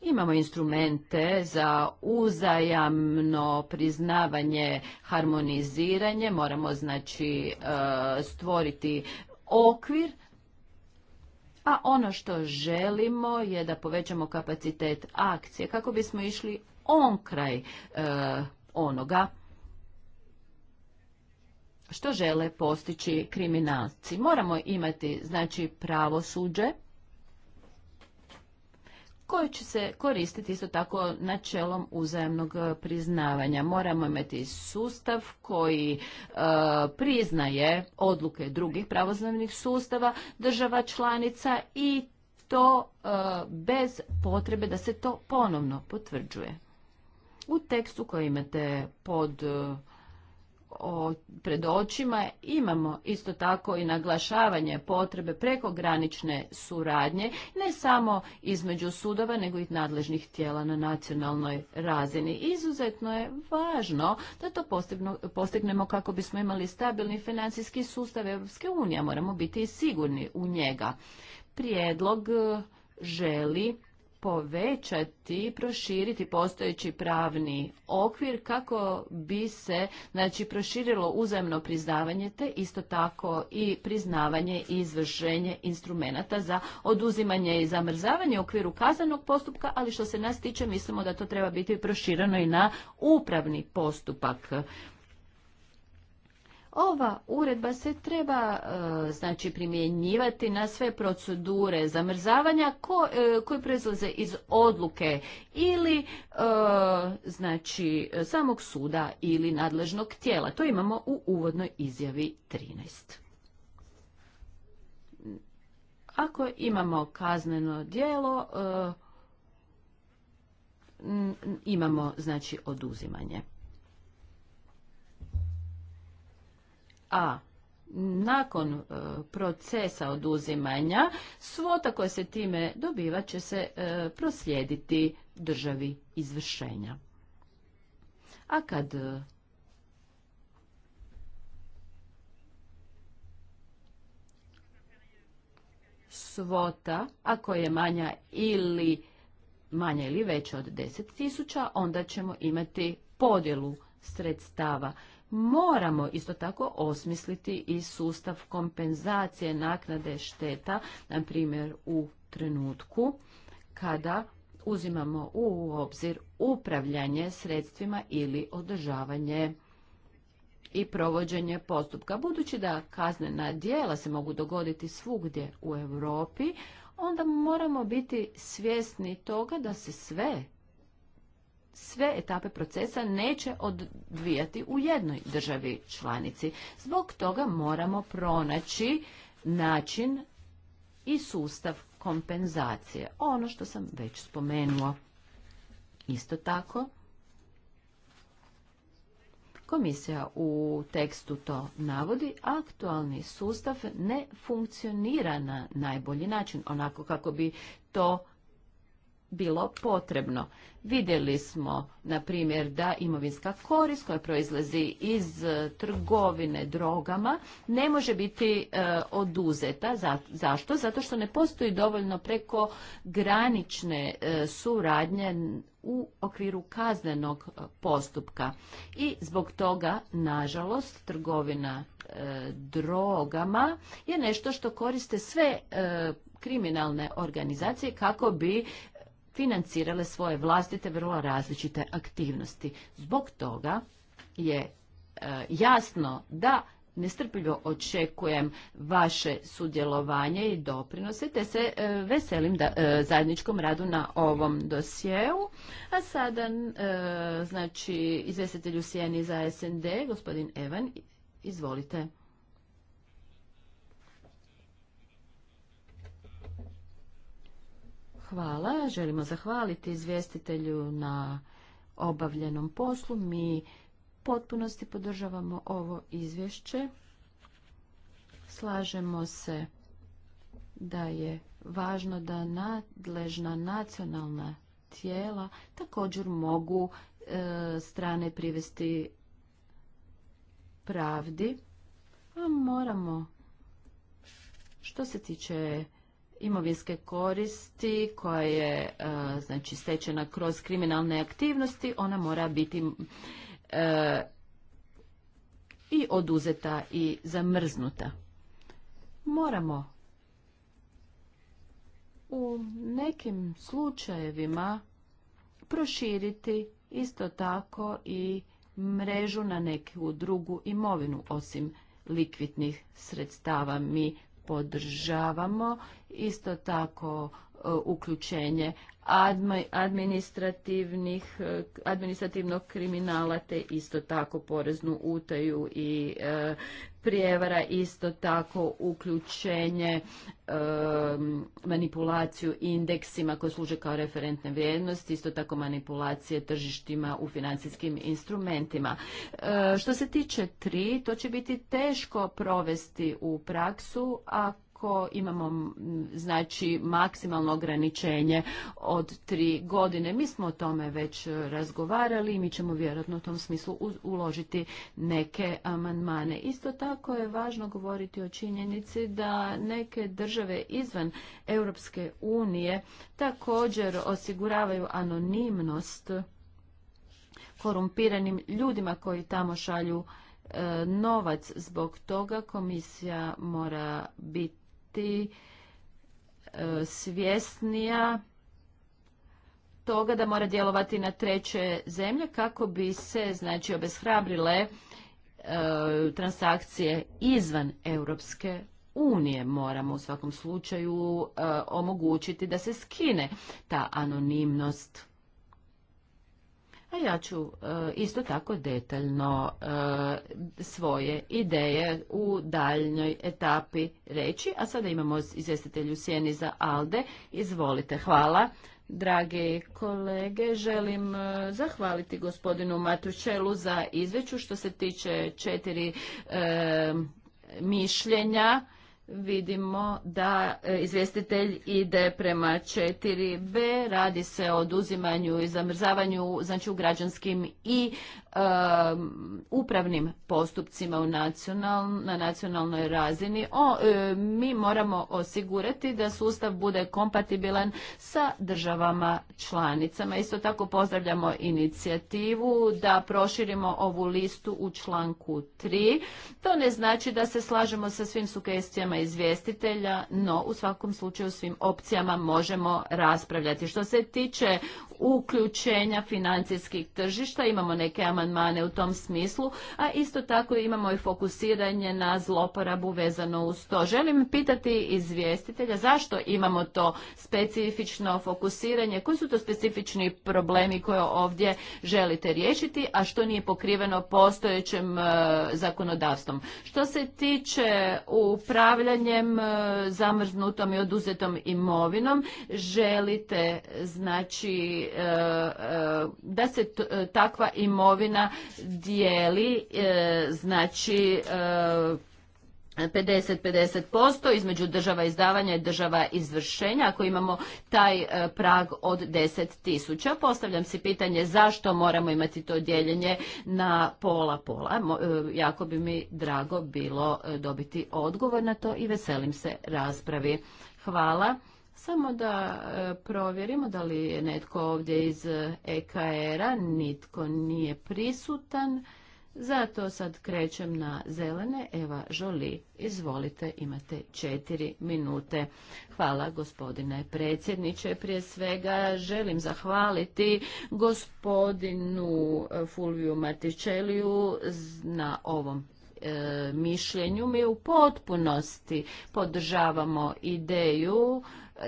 Imamo instrumente za uzajamno priznavanje, harmoniziranje, moramo znači e, stvoriti okvir, a ono što želimo je da povećamo kapacitet akcije kako bismo išli on kraj e, onoga što žele postići kriminalci. Moramo imati znači pravosuđe koji će se koristiti isto tako načelom uzajemnog e, priznavanja. Moramo imati sustav koji e, priznaje odluke drugih pravoznamnih sustava država članica i to e, bez potrebe da se to ponovno potvrđuje. U tekstu koji imate pod o, pred očima imamo isto tako i naglašavanje potrebe prekogranične suradnje ne samo između sudova nego i nadležnih tijela na nacionalnoj razini. Izuzetno je važno da to postignemo kako bismo imali stabilni financijski sustav Europske unije, moramo biti sigurni u njega. Prijedlog e, želi povećati, proširiti postojeći pravni okvir kako bi se znači, proširilo uzajemno priznavanje te isto tako i priznavanje i izvršenje instrumenata za oduzimanje i zamrzavanje u okviru kazanog postupka, ali što se nas tiče mislimo da to treba biti prošireno i na upravni postupak. Ova uredba se treba e, znači primjenjivati na sve procedure zamrzavanja ko, e, koje proizlaze iz odluke ili e, znači samog suda ili nadležnog tijela. To imamo u uvodnoj izjavi 13. Ako imamo kazneno djelo imamo znači oduzimanje a nakon e, procesa oduzimanja svota koja se time dobiva će se e, proslijediti državi izvršenja. A kad e, svota, ako je manja ili manja ili veća od 10.000, onda ćemo imati podjelu sredstava moramo isto tako osmisliti i sustav kompenzacije naknade šteta, na primjer u trenutku kada uzimamo u obzir upravljanje sredstvima ili održavanje i provođenje postupka. Budući da kaznena dijela se mogu dogoditi svugdje u Europi, onda moramo biti svjesni toga da se sve sve etape procesa neće odvijati u jednoj državi članici. Zbog toga moramo pronaći način i sustav kompenzacije, ono što sam već spomenuo. Isto tako, komisija u tekstu to navodi, aktualni sustav ne funkcionira na najbolji način, onako kako bi to bilo potrebno. Vidjeli smo, na primjer, da imovinska korist koja proizlazi iz e, trgovine drogama ne može biti e, oduzeta. zašto? Zato što ne postoji dovoljno preko granične e, suradnje u okviru kaznenog postupka. I zbog toga, nažalost, trgovina drogama je nešto što koriste sve kriminalne organizacije kako bi financirale svoje vlastite vrlo različite aktivnosti. Zbog toga je e, jasno da nestrpljivo očekujem vaše sudjelovanje i doprinose, te se e, veselim e, zajedničkom radu na ovom dosjeu. A sada, znači, izvjestitelju u Sijeni za SND, gospodin Evan, izvolite. Hvala. Želimo zahvaliti izvjestitelju na obavljenom poslu. Mi potpunosti podržavamo ovo izvješće. Slažemo se da je važno da nadležna nacionalna tijela također mogu e, strane privesti pravdi, a moramo što se tiče imovinske koristi koja je e, znači stečena kroz kriminalne aktivnosti ona mora biti e, i oduzeta i zamrznuta moramo u nekim slučajevima proširiti isto tako i mrežu na neku drugu imovinu osim likvidnih sredstava mi podržavamo. Isto tako e, uključenje e, administrativnog kriminala te isto tako poreznu utaju i e, prijevara, isto tako uključenje, manipulaciju indeksima koji služe kao referentne vrijednosti, isto tako manipulacije tržištima u financijskim instrumentima. E, što se tiče tri, to će biti teško provesti u praksu, a ako imamo znači maksimalno ograničenje od tri godine. Mi smo o tome već razgovarali i mi ćemo vjerojatno u tom smislu uložiti neke amandmane. Isto tako je važno govoriti o činjenici da neke države izvan Europske unije također osiguravaju anonimnost korumpiranim ljudima koji tamo šalju e, novac zbog toga komisija mora biti biti e, svjesnija toga da mora djelovati na treće zemlje kako bi se znači obeshrabrile e, transakcije izvan Europske unije. Moramo u svakom slučaju e, omogućiti da se skine ta anonimnost a ja ću e, isto tako detaljno e, svoje ideje u daljnjoj etapi reći. A sada imamo izvjestitelju Sjeni za Alde. Izvolite, hvala. Drage kolege, želim e, zahvaliti gospodinu Matučelu za izveću što se tiče četiri mišljenja vidimo da e, izvjestitelj ide prema 4b, radi se o oduzimanju i zamrzavanju znači u građanskim i Um, upravnim postupcima u nacional, na nacionalnoj razini. O, um, mi moramo osigurati da sustav bude kompatibilan sa državama članicama. Isto tako pozdravljamo inicijativu da proširimo ovu listu u članku 3. To ne znači da se slažemo sa svim sugestijama izvjestitelja, no u svakom slučaju svim opcijama možemo raspravljati. Što se tiče uključenja financijskih tržišta, imamo neke amandmane amandmane u tom smislu, a isto tako imamo i fokusiranje na zloporabu vezano uz to. Želim pitati izvjestitelja zašto imamo to specifično fokusiranje, koji su to specifični problemi koje ovdje želite riješiti, a što nije pokriveno postojećem e, zakonodavstvom. Što se tiče upravljanjem e, zamrznutom i oduzetom imovinom, želite znači e, da se takva imovina na dijeli e, znači 50-50% e, između država izdavanja i država izvršenja, ako imamo taj e, prag od 10 tisuća. Postavljam si pitanje zašto moramo imati to dijeljenje na pola-pola. Jako bi mi drago bilo dobiti odgovor na to i veselim se raspravi. Hvala. Samo da e, provjerimo da li je netko ovdje iz EKR-a, nitko nije prisutan. Zato sad krećem na zelene. Eva Žoli, izvolite, imate četiri minute. Hvala gospodine predsjedniče. Prije svega želim zahvaliti gospodinu e, Fulviju Martičeliju na ovom e, mišljenju. Mi u potpunosti podržavamo ideju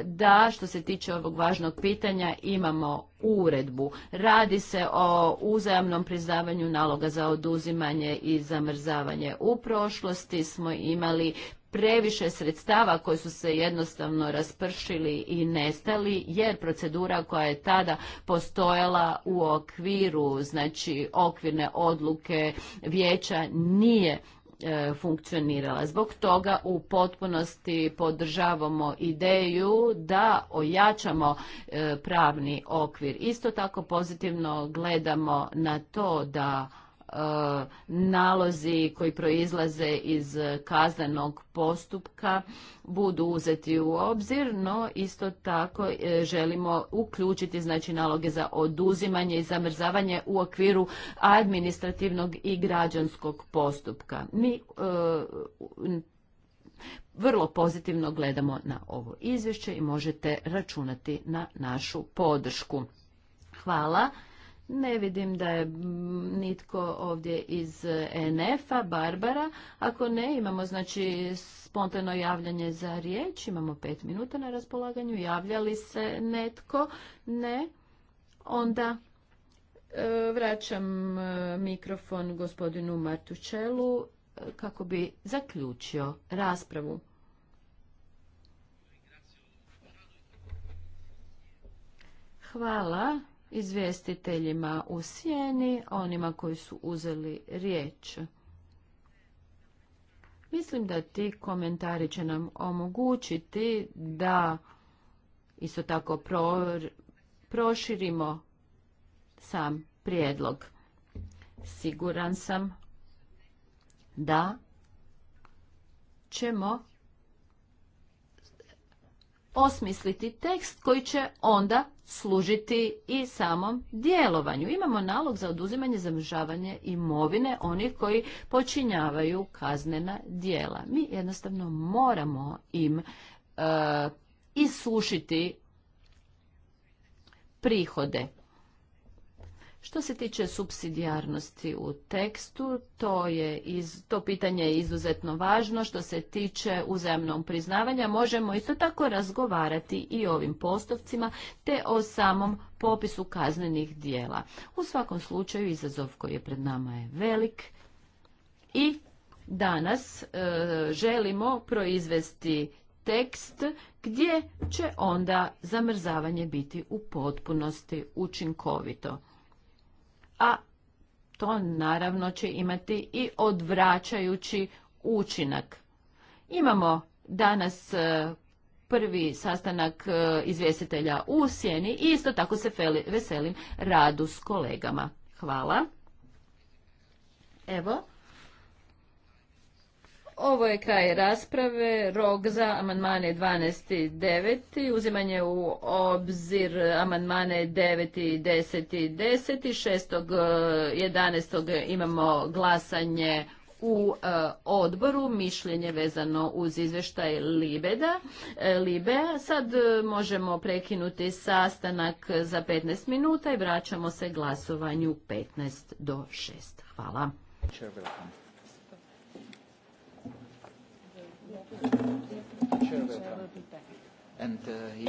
da što se tiče ovog važnog pitanja imamo uredbu. Radi se o uzajamnom priznavanju naloga za oduzimanje i zamrzavanje. U prošlosti smo imali previše sredstava koji su se jednostavno raspršili i nestali jer procedura koja je tada postojala u okviru znači okvirne odluke vijeća nije E, funkcionirala. Zbog toga u potpunosti podržavamo ideju da ojačamo e, pravni okvir. Isto tako pozitivno gledamo na to da nalozi koji proizlaze iz kaznenog postupka budu uzeti u obzir, no isto tako e, želimo uključiti znači naloge za oduzimanje i zamrzavanje u okviru administrativnog i građanskog postupka. Mi e, vrlo pozitivno gledamo na ovo izvješće i možete računati na našu podršku. Hvala. Ne vidim da je nitko ovdje iz e, NF-a, Barbara. Ako ne, imamo znači spontano javljanje za riječ. Imamo pet minuta na raspolaganju. Javlja li se netko? Ne. Onda e, vraćam e, mikrofon gospodinu Martučelu kako bi zaključio raspravu. Hvala izvjestiteljima u sjeni, onima koji su uzeli riječ. Mislim da ti komentari će nam omogućiti da isto tako proširimo sam prijedlog. Siguran sam da ćemo osmisliti tekst koji će onda služiti i samom djelovanju. Imamo nalog za oduzimanje zamržavanje imovine onih koji počinjavaju kaznena djela. Mi jednostavno moramo im e, isušiti prihode što se tiče subsidijarnosti u tekstu, to, je to pitanje je izuzetno važno. Što se tiče uzajamnog priznavanja, možemo isto tako razgovarati i o ovim postupcima, te o samom popisu kaznenih dijela. U svakom slučaju, izazov koji je pred nama je velik i danas e, želimo proizvesti tekst gdje će onda zamrzavanje biti u potpunosti učinkovito a to naravno će imati i odvraćajući učinak. Imamo danas e, prvi sastanak e, izvjestitelja u Sjeni i isto tako se veselim radu s kolegama. Hvala. Evo, ovo je kraj rasprave, rok za amandmane 12. i 9. Uzimanje u obzir amandmane 9. i 10. 6. 11. imamo glasanje u e, odboru mišljenje vezano uz izveštaj Libeda, e, Libea. Sad e, možemo prekinuti sastanak za 15 minuta i vraćamo se glasovanju 15 do 6. Hvala. And uh, he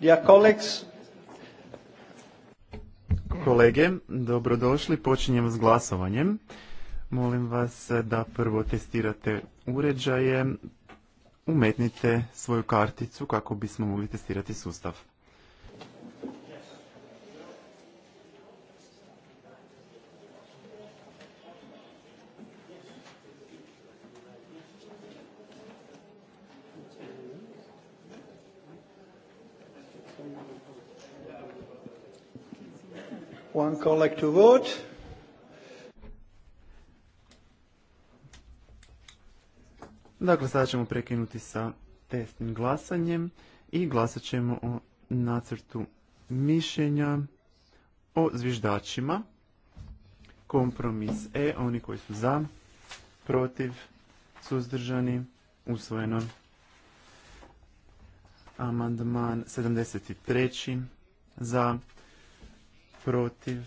Dear colleagues. Kolege, dobrodošli. Počinjemo s glasovanjem. Molim vas da prvo testirate uređaje, umetnite svoju karticu kako bismo mogli testirati sustav. One vote. Dakle, sada ćemo prekinuti sa testnim glasanjem i glasat ćemo o nacrtu mišljenja o zviždačima. Kompromis E, oni koji su za, protiv, suzdržani, usvojeno. Amandman 73. za, protiv,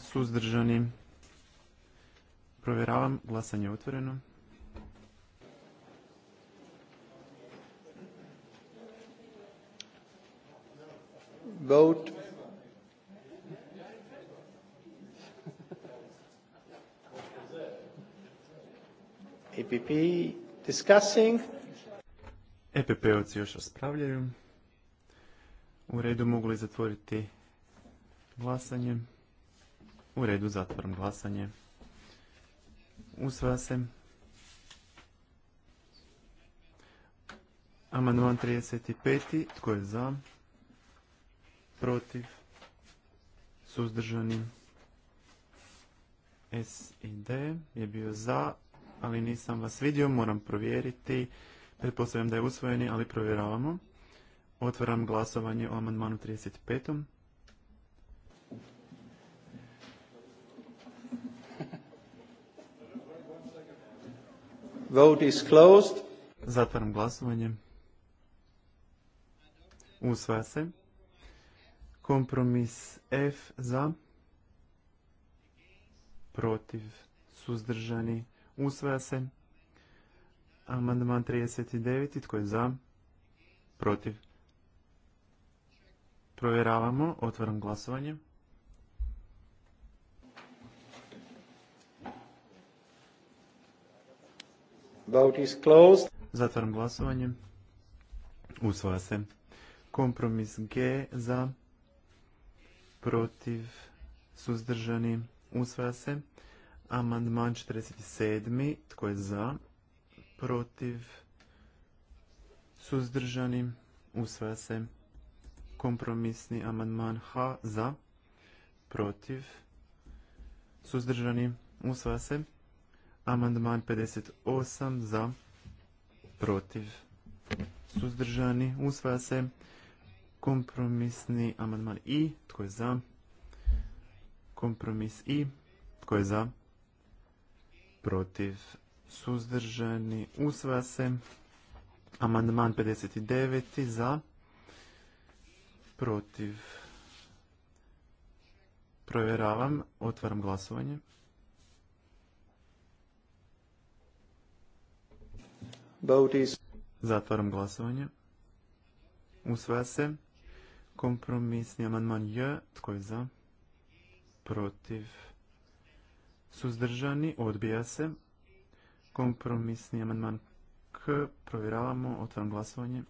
suzdržani. Provjeravam, glasanje je otvoreno. EPP e discussing. EPP-ovci još raspravljaju. U redu mogu li zatvoriti glasanje. U redu, zatvorom glasanje. Usvaja se. Amandman 35. Tko je za? Protiv? Suzdržani? S i D je bio za, ali nisam vas vidio, moram provjeriti. Pretpostavljam da je usvojeni, ali provjeravamo. Otvaram glasovanje o amandmanu 35. Vote is closed. Zatvaram glasovanje. Usvaja se. Kompromis F za. Protiv. Suzdržani. Usvaja se. Amandman 39. Tko je za? Protiv. Provjeravamo. Otvaram glasovanje. Zatvaram glasovanje. Usvaja se. Kompromis G za protiv suzdržani. Usvaja se. Amandman 47. Tko je za? Protiv suzdržani. Usvaja se. Kompromisni amandman H za protiv suzdržani. Usvaja se. Amandman 58 za, protiv, suzdržani, usvaja se. Kompromisni amandman i, tko je za? Kompromis i, tko je za? Protiv, suzdržani, usvaja se. Amandman 59 za, protiv, provjeravam, otvaram glasovanje. Zatvaram glasovanje. Usvaja se. Kompromisni amandman J. Tko je za? Protiv. Suzdržani. Odbija se. Kompromisni amandman K. Provjeravamo. Otvaram glasovanje.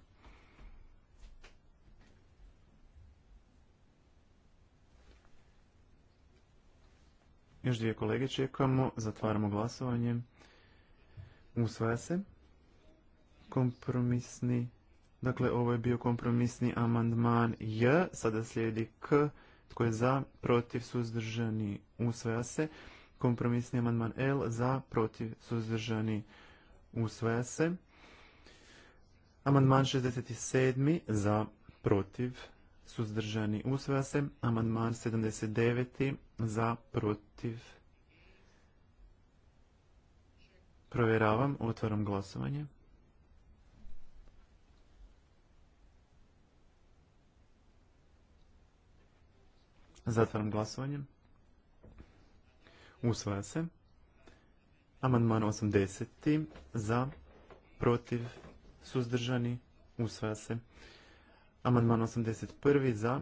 Još dvije kolege čekamo. Zatvaramo glasovanje. Usvaja se kompromisni, dakle ovo je bio kompromisni amandman J, sada slijedi K, tko je za, protiv, suzdržani, usvaja se. Kompromisni amandman L, za, protiv, suzdržani, usvaja se. Amandman 67. za, protiv, suzdržani, usvaja se. Amandman 79. za, protiv, provjeravam, otvaram glasovanje. Zatvaram glasovanje. Usvaja se. Amandman 80. Za, protiv, suzdržani. Usvaja se. Amandman 81. Za,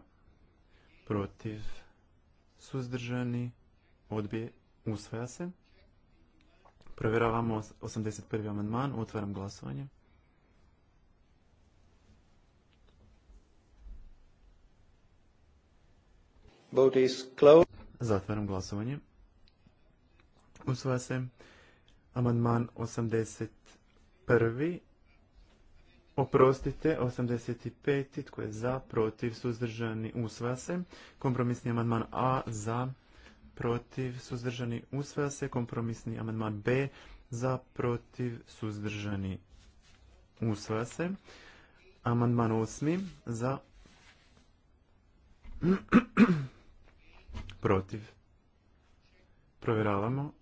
protiv, suzdržani. Odbije. Usvaja se. Provjeravamo 81. amandman. Otvaram glasovanje. Vote is closed. Zatvaram glasovanje. Usvaja se amandman 81. Oprostite, 85. Tko je za, protiv, suzdržani, usvaja se. Kompromisni amandman A za, protiv, suzdržani, usvaja se. Kompromisni amandman B za, protiv, suzdržani, usvaja se. Amandman 8. za, Protiv. Provjeravamo.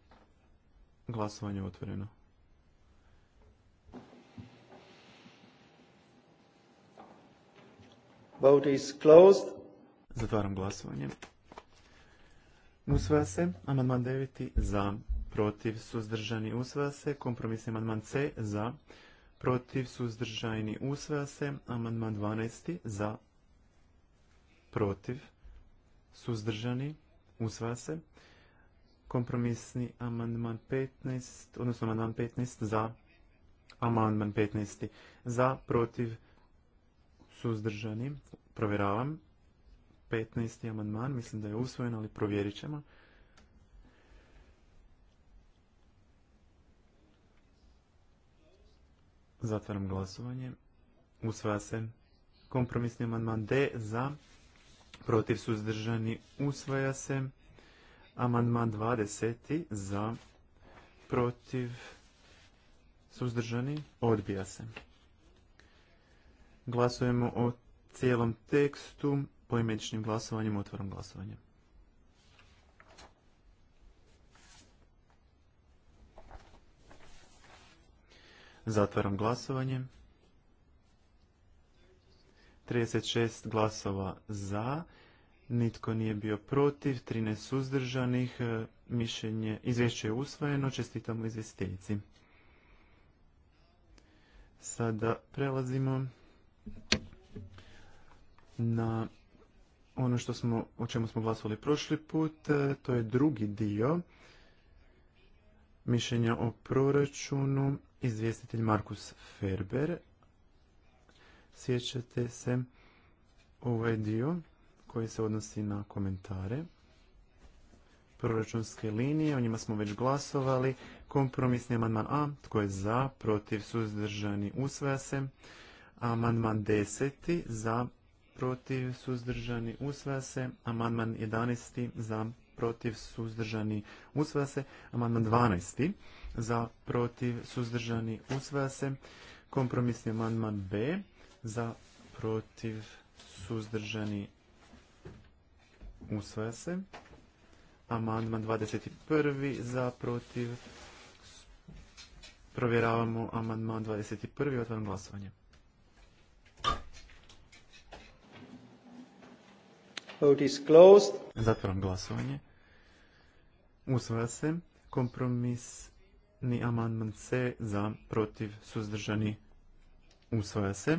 Glasovanje je otvoreno. Vote is closed. Zatvaram glasovanje. Usvaja se amandman 9. za, protiv, suzdržani, usvaja se. Kompromisni amandman C za, protiv, suzdržani, usvaja se. Amandman 12. za, protiv, suzdržani, usvaja se. Kompromisni amandman 15, odnosno amandman 15 za, amandman 15 za, protiv, suzdržani, provjeravam. 15. amandman, mislim da je usvojen, ali provjerit ćemo. Zatvaram glasovanje. Usvaja se kompromisni amandman D za, protiv suzdržani usvaja se. Amandman 20. za protiv suzdržani odbija se. Glasujemo o cijelom tekstu poimeničnim glasovanjem, otvaram glasovanje. Zatvaram glasovanje. 36 glasova za, nitko nije bio protiv, 13 suzdržanih, e, mišljenje, izvješće je usvojeno, čestitamo izvjestiteljici. Sada prelazimo na ono što smo, o čemu smo glasovali prošli put, e, to je drugi dio mišljenja o proračunu, izvjestitelj Markus Ferber, Sjećate se ovaj dio koji se odnosi na komentare proračunske linije, o njima smo već glasovali. Kompromisni amandman A, tko je za, protiv, suzdržani, usvaja se. Amandman 10, za, protiv, suzdržani, usvaja se. Amandman 11, za, protiv, suzdržani, usvaja se. Amandman 12, za, protiv, suzdržani, usvaja se. Kompromisni amandman B, za, protiv, suzdržani, usvaja se. Amandman 21. za, protiv, provjeravamo amandman 21. otvaram glasovanje. Vote Zatvaram glasovanje. Usvaja se kompromisni amandman C za protiv suzdržani usvaja se.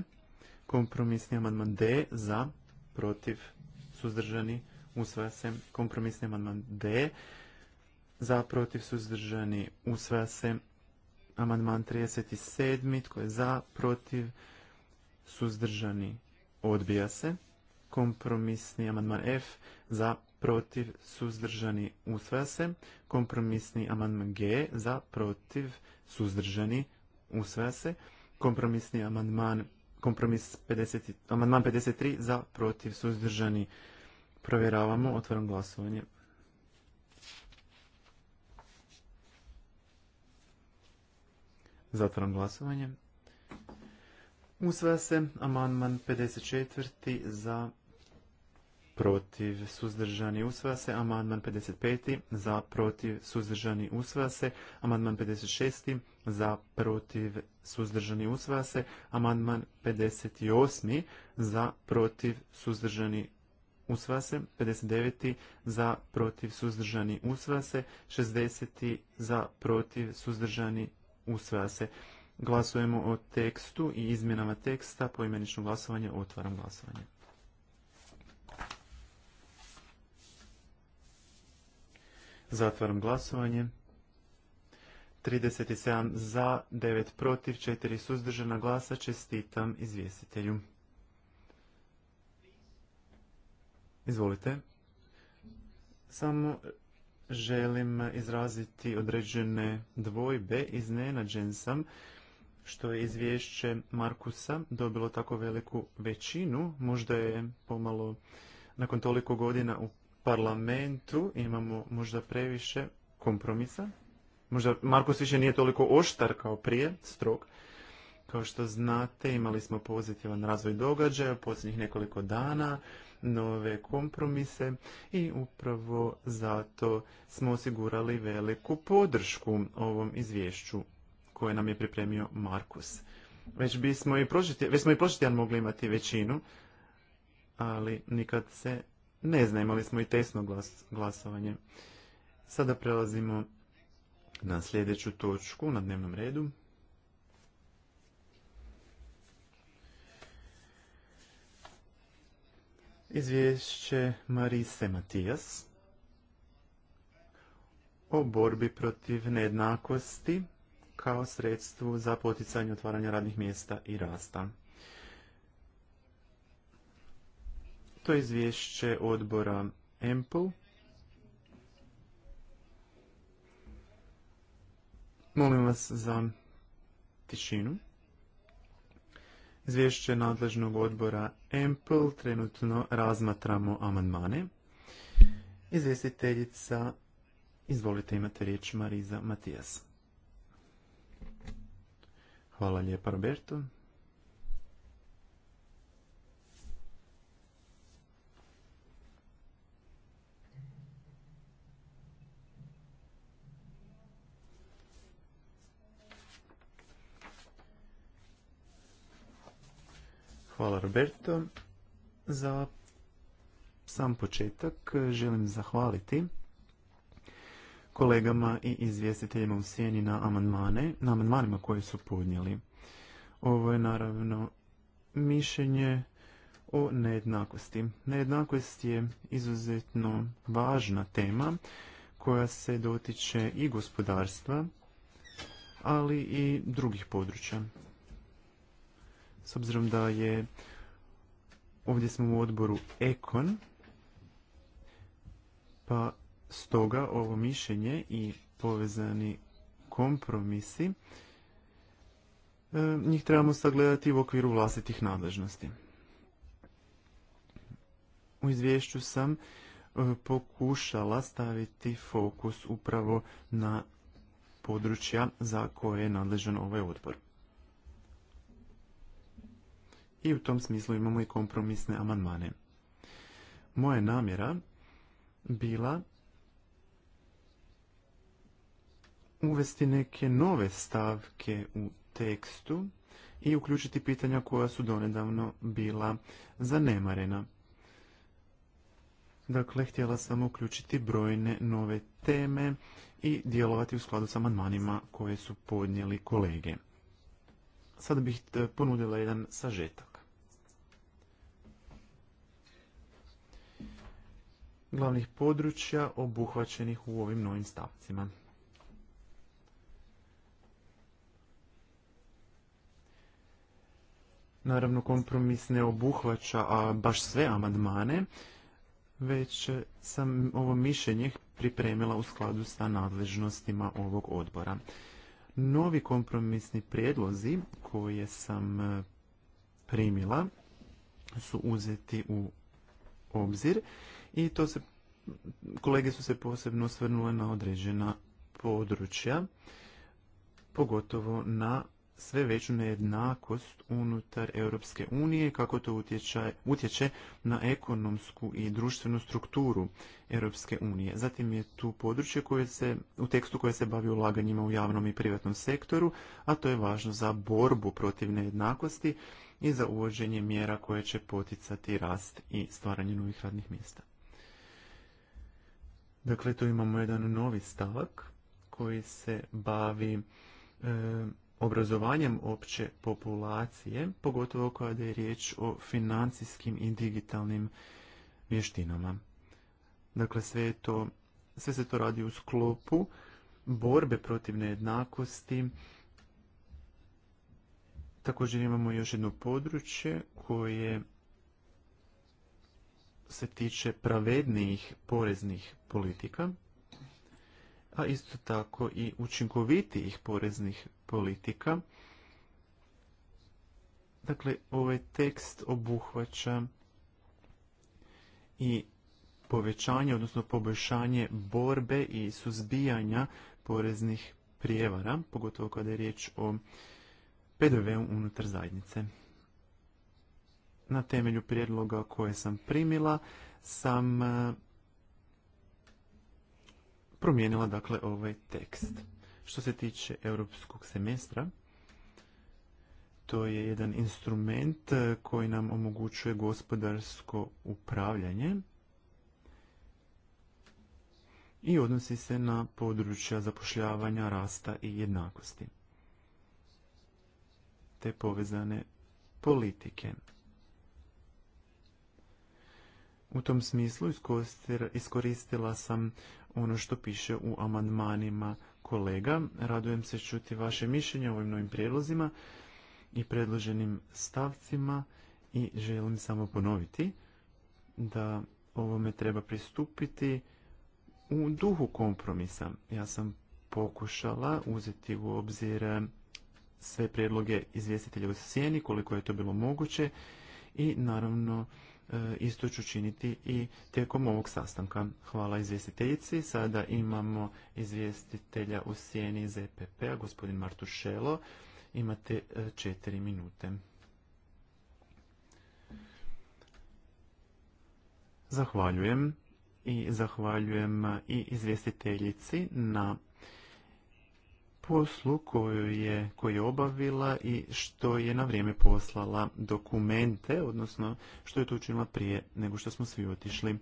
Kompromisni amandman D za, protiv, suzdržani, usvaja se. Kompromisni amandman D za, protiv, suzdržani, usvaja se. Amandman 37. Tko je za, protiv, suzdržani, odbija se. Kompromisni amandman F za, protiv, suzdržani, usvaja se. Kompromisni amandman G za, protiv, suzdržani, usvaja se. Kompromisni amandman kompromis 50, amandman 53 za protiv suzdržani. Provjeravamo, otvaram glasovanje. Zatvaram glasovanje. Usvaja se amandman 54 za protiv, suzdržani, usvaja se. Amandman 55. za, protiv, suzdržani, usvaja se. Amandman 56. za, protiv, suzdržani, usvaja se. Amandman 58. za, protiv, suzdržani, usvaja se. 59. za, protiv, suzdržani, usvaja se. 60. za, protiv, suzdržani, usvaja se. Glasujemo o tekstu i izmjenama teksta. Poimenično glasovanje otvaram glasovanje. Zatvaram glasovanje. 37 za, 9 protiv, 4 suzdržana glasa. Čestitam izvjestitelju. Izvolite. Samo želim izraziti određene dvojbe. Iznenađen sam što je izvješće Markusa dobilo tako veliku većinu. Možda je pomalo nakon toliko godina u parlamentu imamo možda previše kompromisa. Možda Markus više nije toliko oštar kao prije, strog. Kao što znate, imali smo pozitivan razvoj događaja posljednjih nekoliko dana, nove kompromise i upravo zato smo osigurali veliku podršku ovom izvješću koje nam je pripremio Markus. Već, bismo i smo i prošli tjedan mogli imati većinu, ali nikad se ne znam, imali smo i tesno glasovanje. Sada prelazimo na sljedeću točku na dnevnom redu. Izvješće Marise Matijas o borbi protiv nejednakosti kao sredstvu za poticanje otvaranja radnih mjesta i rasta. To je izvješće odbora EMPL. Molim vas za tišinu. Izvješće nadležnog odbora EMPL trenutno razmatramo amandmane. Izvjestiteljica, izvolite imate riječ Mariza Matijas. Hvala lijepa Roberto. Hvala Roberto. Za sam početak želim zahvaliti kolegama i izvjestiteljima u sjeni na amandmane, na amandmanima koje su podnijeli. Ovo je naravno mišljenje o nejednakosti. Nejednakost je izuzetno važna tema koja se dotiče i gospodarstva, ali i drugih područja s obzirom da je ovdje smo u odboru Ekon, pa stoga ovo mišljenje i povezani kompromisi e, njih trebamo sagledati u okviru vlastitih nadležnosti. U izvješću sam e, pokušala staviti fokus upravo na područja za koje je nadležan ovaj odbor i u tom smislu imamo i kompromisne amandmane. Moja namjera bila uvesti neke nove stavke u tekstu i uključiti pitanja koja su donedavno bila zanemarena. Dakle, htjela sam uključiti brojne nove teme i djelovati u skladu sa amandmanima koje su podnijeli kolege. Sada bih ponudila jedan sažetak. glavnih područja obuhvaćenih u ovim novim stavcima. Naravno, kompromis ne obuhvaća baš sve amandmane, već sam ovo mišljenje pripremila u skladu sa nadležnostima ovog odbora. Novi kompromisni prijedlozi koje sam e, primila su uzeti u obzir i to se, kolege su se posebno osvrnule na određena područja, pogotovo na sve veću nejednakost unutar Europske unije, kako to utječe, utječe na ekonomsku i društvenu strukturu Europske unije. Zatim je tu područje koje se, u tekstu koje se bavi ulaganjima u javnom i privatnom sektoru, a to je važno za borbu protiv nejednakosti i za uvođenje mjera koje će poticati rast i stvaranje novih radnih mjesta. Dakle, tu imamo jedan novi stavak koji se bavi e, obrazovanjem opće populacije, pogotovo kada je riječ o financijskim i digitalnim vještinama. Dakle, sve, sve se to radi u sklopu borbe protiv nejednakosti. Također imamo još jedno područje koje se tiče pravednijih poreznih politika, a isto tako i učinkovitijih poreznih politika. Dakle, ovaj tekst obuhvaća i povećanje, odnosno poboljšanje borbe i suzbijanja poreznih prijevara, pogotovo kada je riječ o PDV-u unutar zajednice na temelju prijedloga koje sam primila sam e, promijenila dakle ovaj tekst. Što se tiče europskog semestra, to je jedan instrument e, koji nam omogućuje gospodarsko upravljanje i odnosi se na područja zapošljavanja, rasta i jednakosti te povezane politike. U tom smislu iskoristila sam ono što piše u amandmanima kolega. Radujem se čuti vaše mišljenje o ovim novim prijedlozima i predloženim stavcima i želim samo ponoviti da ovome treba pristupiti u duhu kompromisa. Ja sam pokušala uzeti u obzir sve prijedloge izvjestitelja u sjeni koliko je to bilo moguće i naravno E, isto ću činiti i tijekom ovog sastanka. Hvala izvjestiteljici. Sada imamo izvjestitelja u sjeni zpp e a p-a, gospodin Martušelo. Imate e, četiri minute. Zahvaljujem i zahvaljujem i izvjestiteljici na poslu koju je, koju je obavila i što je na vrijeme poslala dokumente, odnosno što je to učinila prije nego što smo svi otišli e,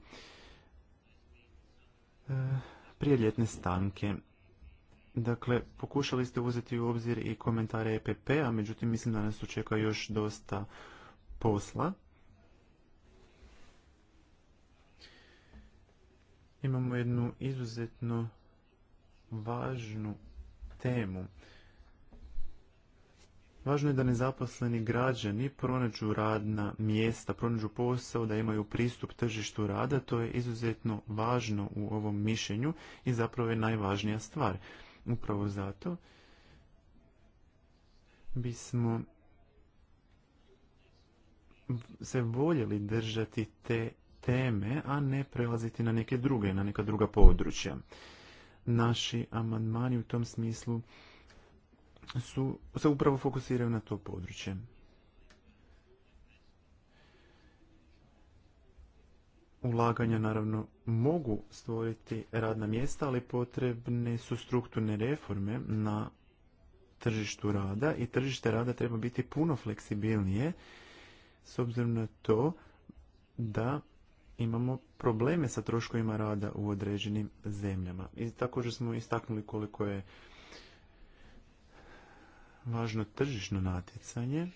prije ljetne stanke. Dakle, pokušali ste uzeti u obzir i komentare EPP-a, međutim mislim da nas očeka još dosta posla. Imamo jednu izuzetno važnu temu. Važno je da nezaposleni građani pronađu radna mjesta, pronađu posao, da imaju pristup tržištu rada. To je izuzetno važno u ovom mišljenju i zapravo je najvažnija stvar. Upravo zato bismo se voljeli držati te teme, a ne prelaziti na neke druge, na neka druga područja naši amandmani u tom smislu su, se upravo fokusiraju na to područje. Ulaganja naravno mogu stvoriti radna mjesta, ali potrebne su strukturne reforme na tržištu rada i tržište rada treba biti puno fleksibilnije s obzirom na to da imamo probleme sa troškovima rada u određenim zemljama. I također smo istaknuli koliko je važno tržišno natjecanje,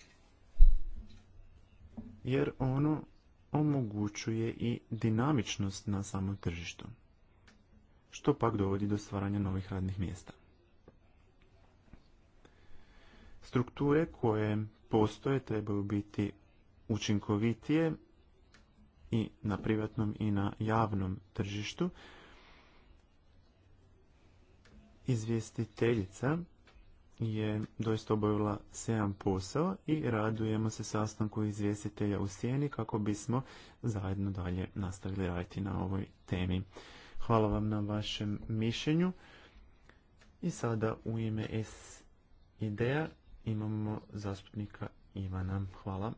jer ono omogućuje i dinamičnost na samom tržištu, što pak dovodi do stvaranja novih radnih mjesta. Strukture koje postoje trebaju biti učinkovitije i na privatnom i na javnom tržištu. Izvjestiteljica je doista obavila sedam posao i radujemo se sastanku izvjestitelja u sjeni kako bismo zajedno dalje nastavili raditi na ovoj temi. Hvala vam na vašem mišljenju. I sada u ime S ideja imamo zastupnika Ivana. Hvala.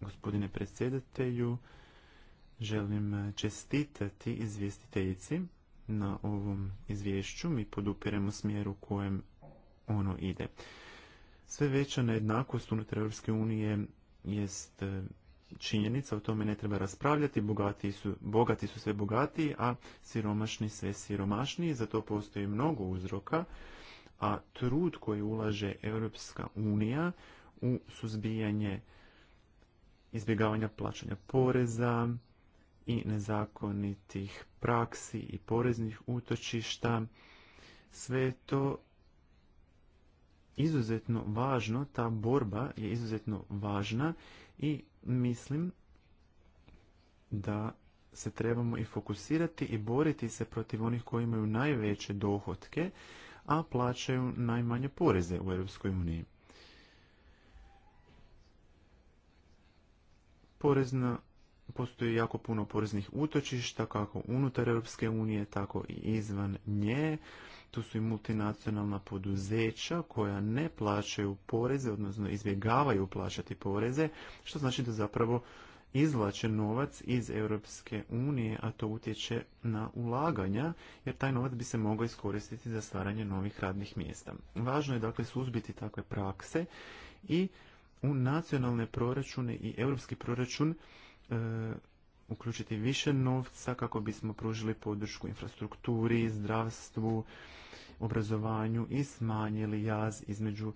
Gospodine predsjedatelju, želim eh, čestitati izvjestiteljici na ovom izvješću. Mi podupiremo smjeru u kojem ono ide. Sve veća nejednakost unutar Europske unije jest eh, činjenica, o tome ne treba raspravljati, bogati su, bogati su sve bogatiji, a siromašni sve siromašniji, za to postoji mnogo uzroka, a trud koji ulaže Europska unija u suzbijanje izbjegavanja plaćanja poreza i nezakonitih praksi i poreznih utočišta. Sve je to izuzetno važno, ta borba je izuzetno važna i mislim da se trebamo i fokusirati i boriti se protiv onih koji imaju najveće dohotke, a plaćaju najmanje poreze u EU. porezna, postoji jako puno poreznih utočišta, kako unutar Europske unije, tako i izvan nje. Tu su i multinacionalna poduzeća koja ne plaćaju poreze, odnosno izbjegavaju plaćati poreze, što znači da zapravo izvlače novac iz Europske unije, a to utječe na ulaganja, jer taj novac bi se mogao iskoristiti za stvaranje novih radnih mjesta. Važno je dakle suzbiti takve prakse i u nacionalne proračune i europski proračun e, uključiti više novca kako bismo pružili podršku infrastrukturi, zdravstvu, obrazovanju i smanjili jaz između e,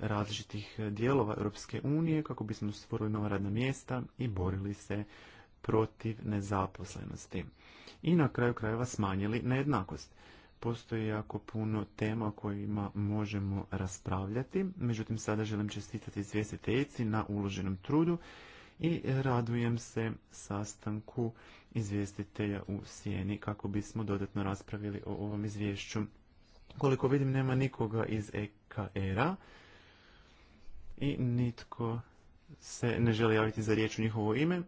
različitih dijelova Europske unije kako bismo stvorili nova radna mjesta i borili se protiv nezaposlenosti. I na kraju krajeva smanjili nejednakost postoji jako puno tema kojima možemo raspravljati. Međutim, sada želim čestitati izvjestiteljici na uloženom trudu i radujem se sastanku izvjestitelja u Sjeni kako bismo dodatno raspravili o ovom izvješću. Koliko vidim, nema nikoga iz EKR-a i nitko se ne želi javiti za riječ u njihovo ime,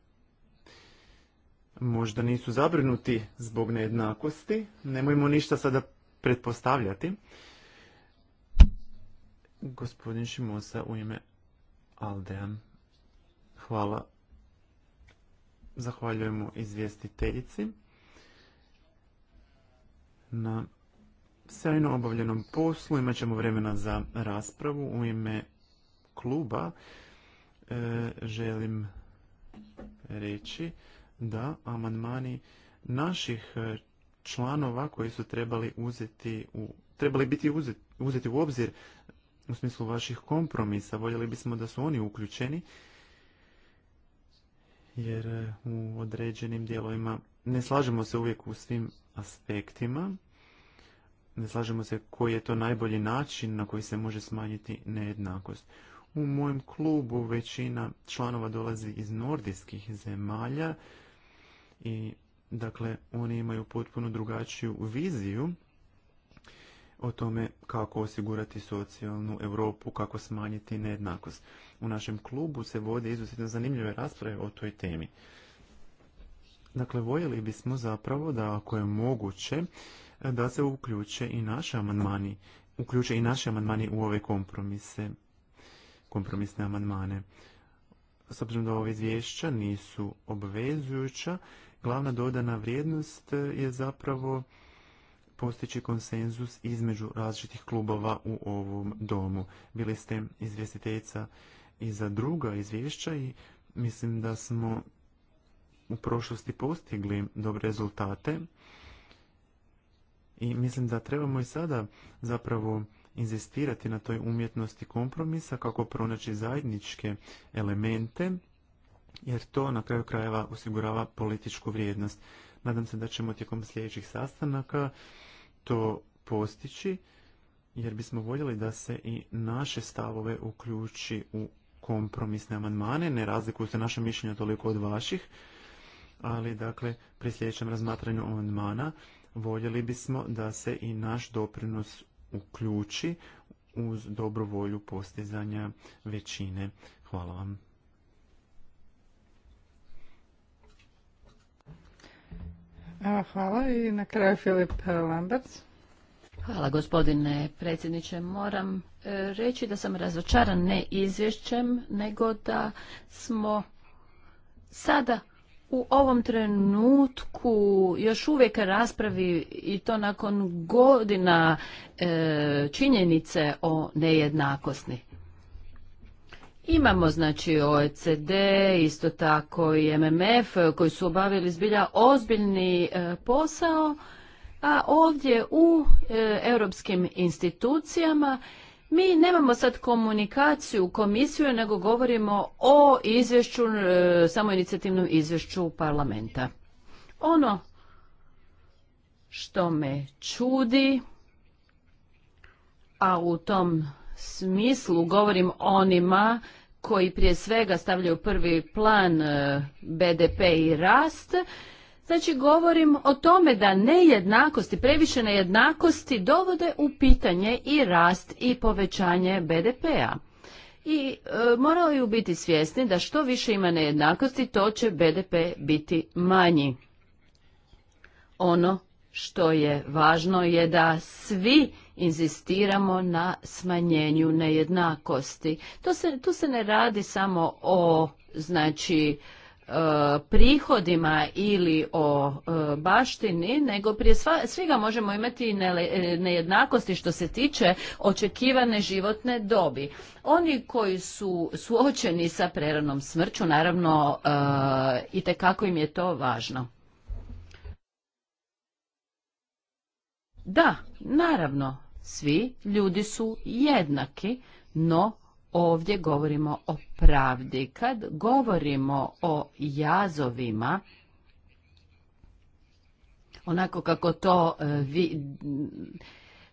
možda nisu zabrinuti zbog nejednakosti, nemojmo ništa sada pretpostavljati. Gospodin Šimosa u ime Aldean. Hvala. Zahvaljujemo izvjestiteljici na sjajno obavljenom poslu. Imat ćemo vremena za raspravu u ime kluba. E, želim reći da amandmani naših e, članova koji su trebali uzeti u, trebali biti uzeti, uzeti u obzir u smislu vaših kompromisa. Voljeli bismo da su oni uključeni jer e, u određenim dijelovima ne slažemo se uvijek u svim aspektima. Ne slažemo se koji je to najbolji način na koji se može smanjiti nejednakost. U mojem klubu većina članova dolazi iz nordijskih zemalja i dakle oni imaju potpuno drugačiju viziju o tome kako osigurati socijalnu Europu, kako smanjiti nejednakost. U našem klubu se vode izuzetno zanimljive rasprave o toj temi. Dakle, voljeli bismo zapravo da ako je moguće da se uključe i naše amandmani, uključe i naše amandmani u ove kompromise, kompromisne amandmane. S obzirom da ove izvješća nisu obvezujuća, glavna dodana vrijednost e, je zapravo postići konsenzus između različitih klubova u ovom domu. Bili ste izvjestiteljica i za druga izvješća i mislim da smo u prošlosti postigli dobre rezultate i mislim da trebamo i sada zapravo inzistirati na toj umjetnosti kompromisa kako pronaći zajedničke elemente jer to na kraju krajeva osigurava političku vrijednost. Nadam se da ćemo tijekom sljedećih sastanaka to postići, jer bismo voljeli da se i naše stavove uključi u kompromisne amandmane. Ne razlikuju se naše mišljenja toliko od vaših, ali dakle, pri sljedećem razmatranju amandmana voljeli bismo da se i naš doprinos uključi uz dobru volju postizanja većine. Hvala vam. hvala i na kraju Filip Hvala gospodine predsjedniče. Moram e, reći da sam razočaran ne izvješćem, nego da smo sada u ovom trenutku još uvijek raspravi i to nakon godina e, činjenice o nejednakosti. Imamo znači OECD, isto tako i MMF koji su obavili zbilja ozbiljni e, posao, a ovdje u e, europskim institucijama mi nemamo sad komunikaciju komisiju, nego govorimo o izvješću, e, samo inicijativnom izvješću parlamenta. Ono što me čudi, a u tom smislu govorim onima koji prije svega stavljaju prvi plan e, BDP i rast, Znači govorim o tome da nejednakosti, previše nejednakosti dovode u pitanje i rast i povećanje BDP-a. I e, moraju biti svjesni da što više ima nejednakosti, to će BDP biti manji. Ono što je važno je da svi inzistiramo na smanjenju nejednakosti. To se, tu se ne radi samo o znači e, prihodima ili o e, baštini, nego prije svega možemo imati e, nejednakosti što se tiče očekivane životne dobi. Oni koji su suočeni sa preranom smrću, naravno, i kako im je to važno. Da, naravno, svi ljudi su jednaki, no ovdje govorimo o pravdi. Kad govorimo o jazovima, onako kako to e, vi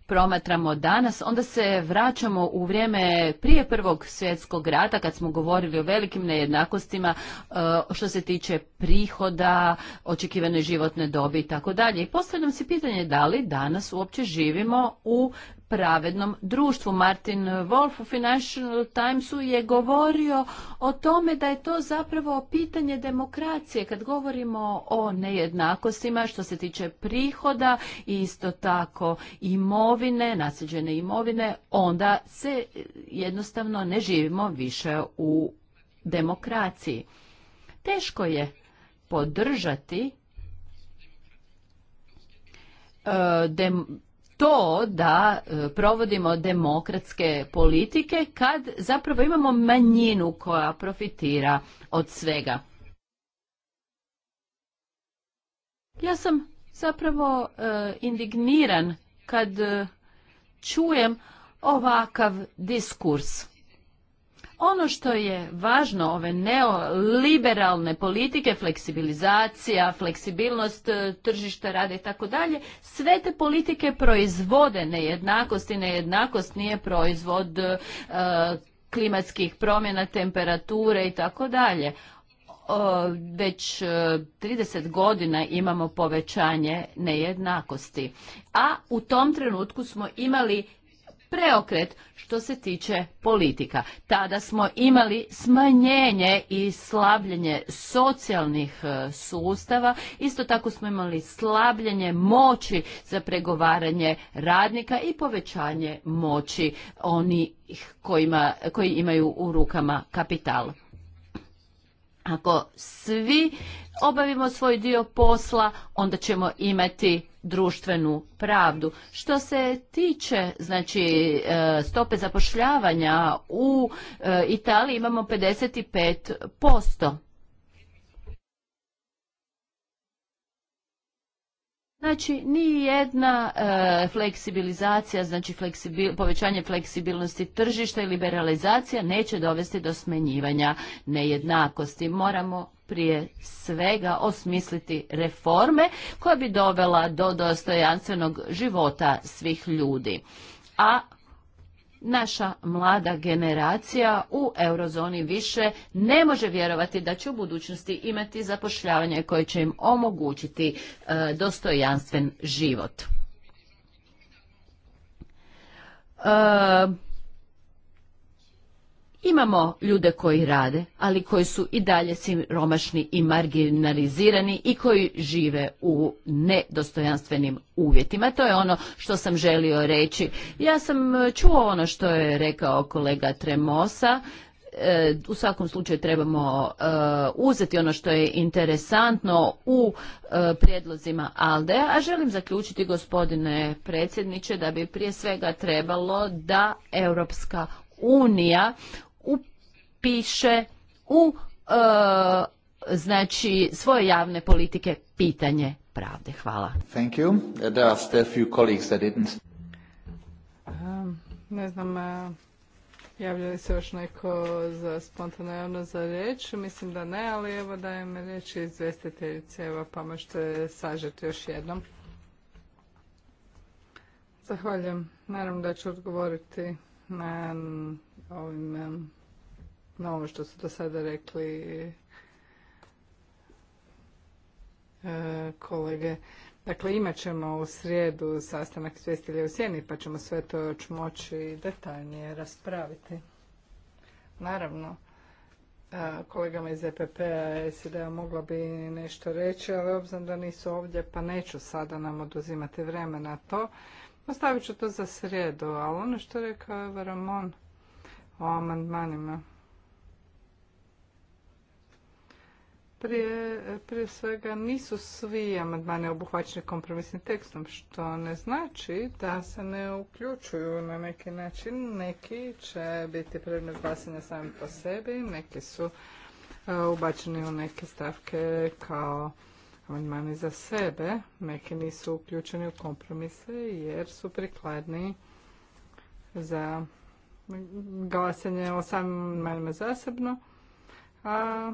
promatramo danas, onda se vraćamo u vrijeme prije Prvog svjetskog rata kad smo govorili o velikim nejednakostima e, što se tiče prihoda, očekivane životne dobi i tako dalje. I postavljam si pitanje da li danas uopće živimo u pravednom društvu. Martin Wolf u Financial Timesu je govorio o tome da je to zapravo pitanje demokracije kad govorimo o nejednakostima što se tiče prihoda i isto tako imovine, nasljeđene imovine, onda se jednostavno ne živimo više u demokraciji. Teško je podržati e, to da e, provodimo demokratske politike kad zapravo imamo manjinu koja profitira od svega. Ja sam zapravo e, indigniran kad e, čujem ovakav diskurs. Ono što je važno, ove neoliberalne politike, fleksibilizacija, fleksibilnost e, tržišta rada i tako dalje, sve te politike proizvode nejednakost i nejednakost nije proizvod e, klimatskih promjena, temperature i tako dalje. Već 30 e, godina imamo povećanje nejednakosti. A u tom trenutku smo imali preokret što se tiče politika. Tada smo imali smanjenje i slabljenje socijalnih e, sustava, isto tako smo imali slabljenje moći za pregovaranje radnika i povećanje moći onih kojima, koji imaju u rukama kapital. Ako svi obavimo svoj dio posla, onda ćemo imati društvenu pravdu. Što se tiče znači e, stope zapošljavanja u e, Italiji imamo 55%. Znači, ni jedna e, fleksibilizacija, znači fleksibil, povećanje fleksibilnosti tržišta i liberalizacija neće dovesti do smenjivanja nejednakosti. Moramo prije svega osmisliti reforme koja bi dovela do dostojanstvenog života svih ljudi. A naša mlada generacija u eurozoni više ne može vjerovati da će u budućnosti imati zapošljavanje koje će im omogućiti e, dostojanstven život. E, Imamo ljude koji rade, ali koji su i dalje siromašni i marginalizirani i koji žive u nedostojanstvenim uvjetima. To je ono što sam želio reći. Ja sam e, čuo ono što je rekao kolega Tremosa, e, u svakom slučaju trebamo e, uzeti ono što je interesantno u prijedlozima ALDE, a želim zaključiti gospodine predsjedniče da bi prije svega trebalo da Europska unija piše u e, znači svoje javne politike pitanje pravde. Hvala. Thank you. There are still few colleagues that didn't. Um, ne znam, e, javlja li se još neko za spontano javno za riječ? Mislim da ne, ali evo dajem riječ izvjestiteljice, evo pa možete sažeti još jednom. Zahvaljujem. Naravno da ću odgovoriti na ovim na ovo što su do sada rekli e, kolege. Dakle, imat ćemo u srijedu sastanak svjestilja u Sjeni, pa ćemo sve to još moći detaljnije raspraviti. Naravno, e, kolegama iz EPP-a SID-a mogla bi nešto reći, ali obzirom da nisu ovdje, pa neću sada nam oduzimati vremena na to. Ostavit ću to za srijedu, ali ono što rekao je o amandmanima. prije, prije svega nisu svi amandmani obuhvaćeni kompromisnim tekstom, što ne znači da se ne uključuju na neki način. Neki će biti predmet glasanja sami po sebi, neki su e, ubačeni u neke stavke kao amandmani za sebe, neki nisu uključeni u kompromise jer su prikladni za glasanje o samim amandmanima zasebno, a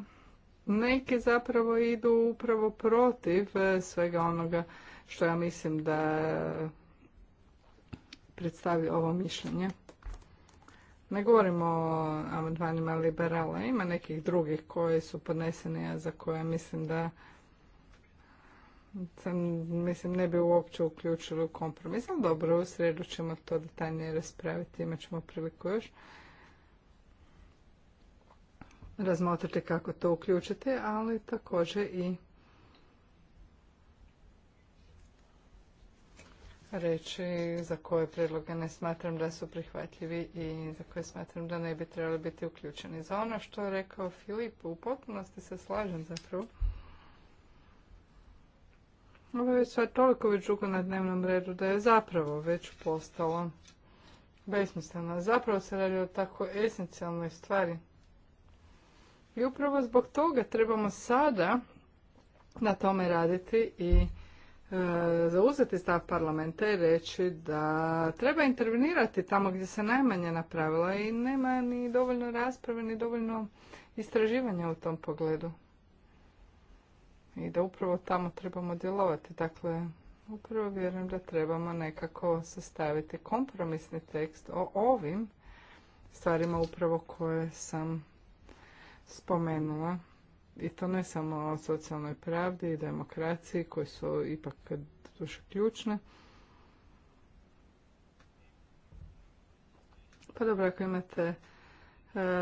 neke zapravo idu upravo protiv e, svega onoga što ja mislim da predstavi ovo mišljenje. Ne govorimo o amandmanima liberala, ima nekih drugih koji su podneseni, a za koje mislim da sam, mislim, ne bi uopće uključili u kompromis. Ali dobro, u srijedu ćemo to detaljnije raspraviti, imat ćemo priliku još razmotrite kako to uključiti, ali također i reći za koje predloge ne smatram da su prihvatljivi i za koje smatram da ne bi trebali biti uključeni. Za ono što je rekao Filip, u potpunosti se slažem zapravo. Ovo je sve toliko već dugo na dnevnom redu da je zapravo već postalo besmisleno. Zapravo se radi o tako esencijalnoj stvari. I upravo zbog toga trebamo sada na tome raditi i e, zauzeti stav parlamenta i reći da treba intervenirati tamo gdje se najmanje napravila i nema ni dovoljno rasprave, ni dovoljno istraživanja u tom pogledu. I da upravo tamo trebamo djelovati. Dakle, upravo vjerujem da trebamo nekako sastaviti kompromisni tekst o ovim stvarima upravo koje sam spomenula i to ne samo o socijalnoj pravdi i demokraciji koje su ipak duše ključne. Pa dobro, ako imate e,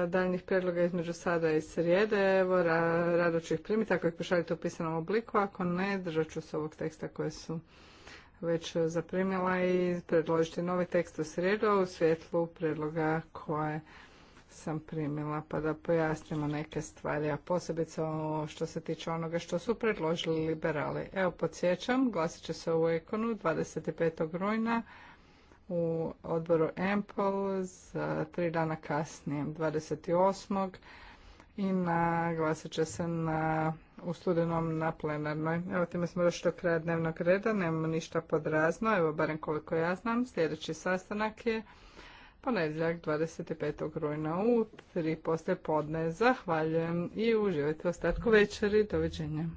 daljnjih predloga između sada i srijede. Evo, rado ću ih primiti ako ih u pisanom obliku. Ako ne, držat ću se ovog teksta koje su već zaprimila i predložiti novi tekst u srijedu u svjetlu predloga koje sam primila pa da pojasnimo neke stvari, a posebice što se tiče onoga što su predložili liberali. Evo, podsjećam, glasit će se u Ekonu 25. rujna u odboru Empol za tri dana kasnije, 28. i na, glasit će se na, u studenom na plenarnoj. Evo, time smo došli do kraja dnevnog reda, nemamo ništa podrazno, evo, barem koliko ja znam, sljedeći sastanak je ponedjeljak pa 25. rujna u 3 poslje podne. Zahvaljujem i uživajte ostatku večeri. Doviđenja.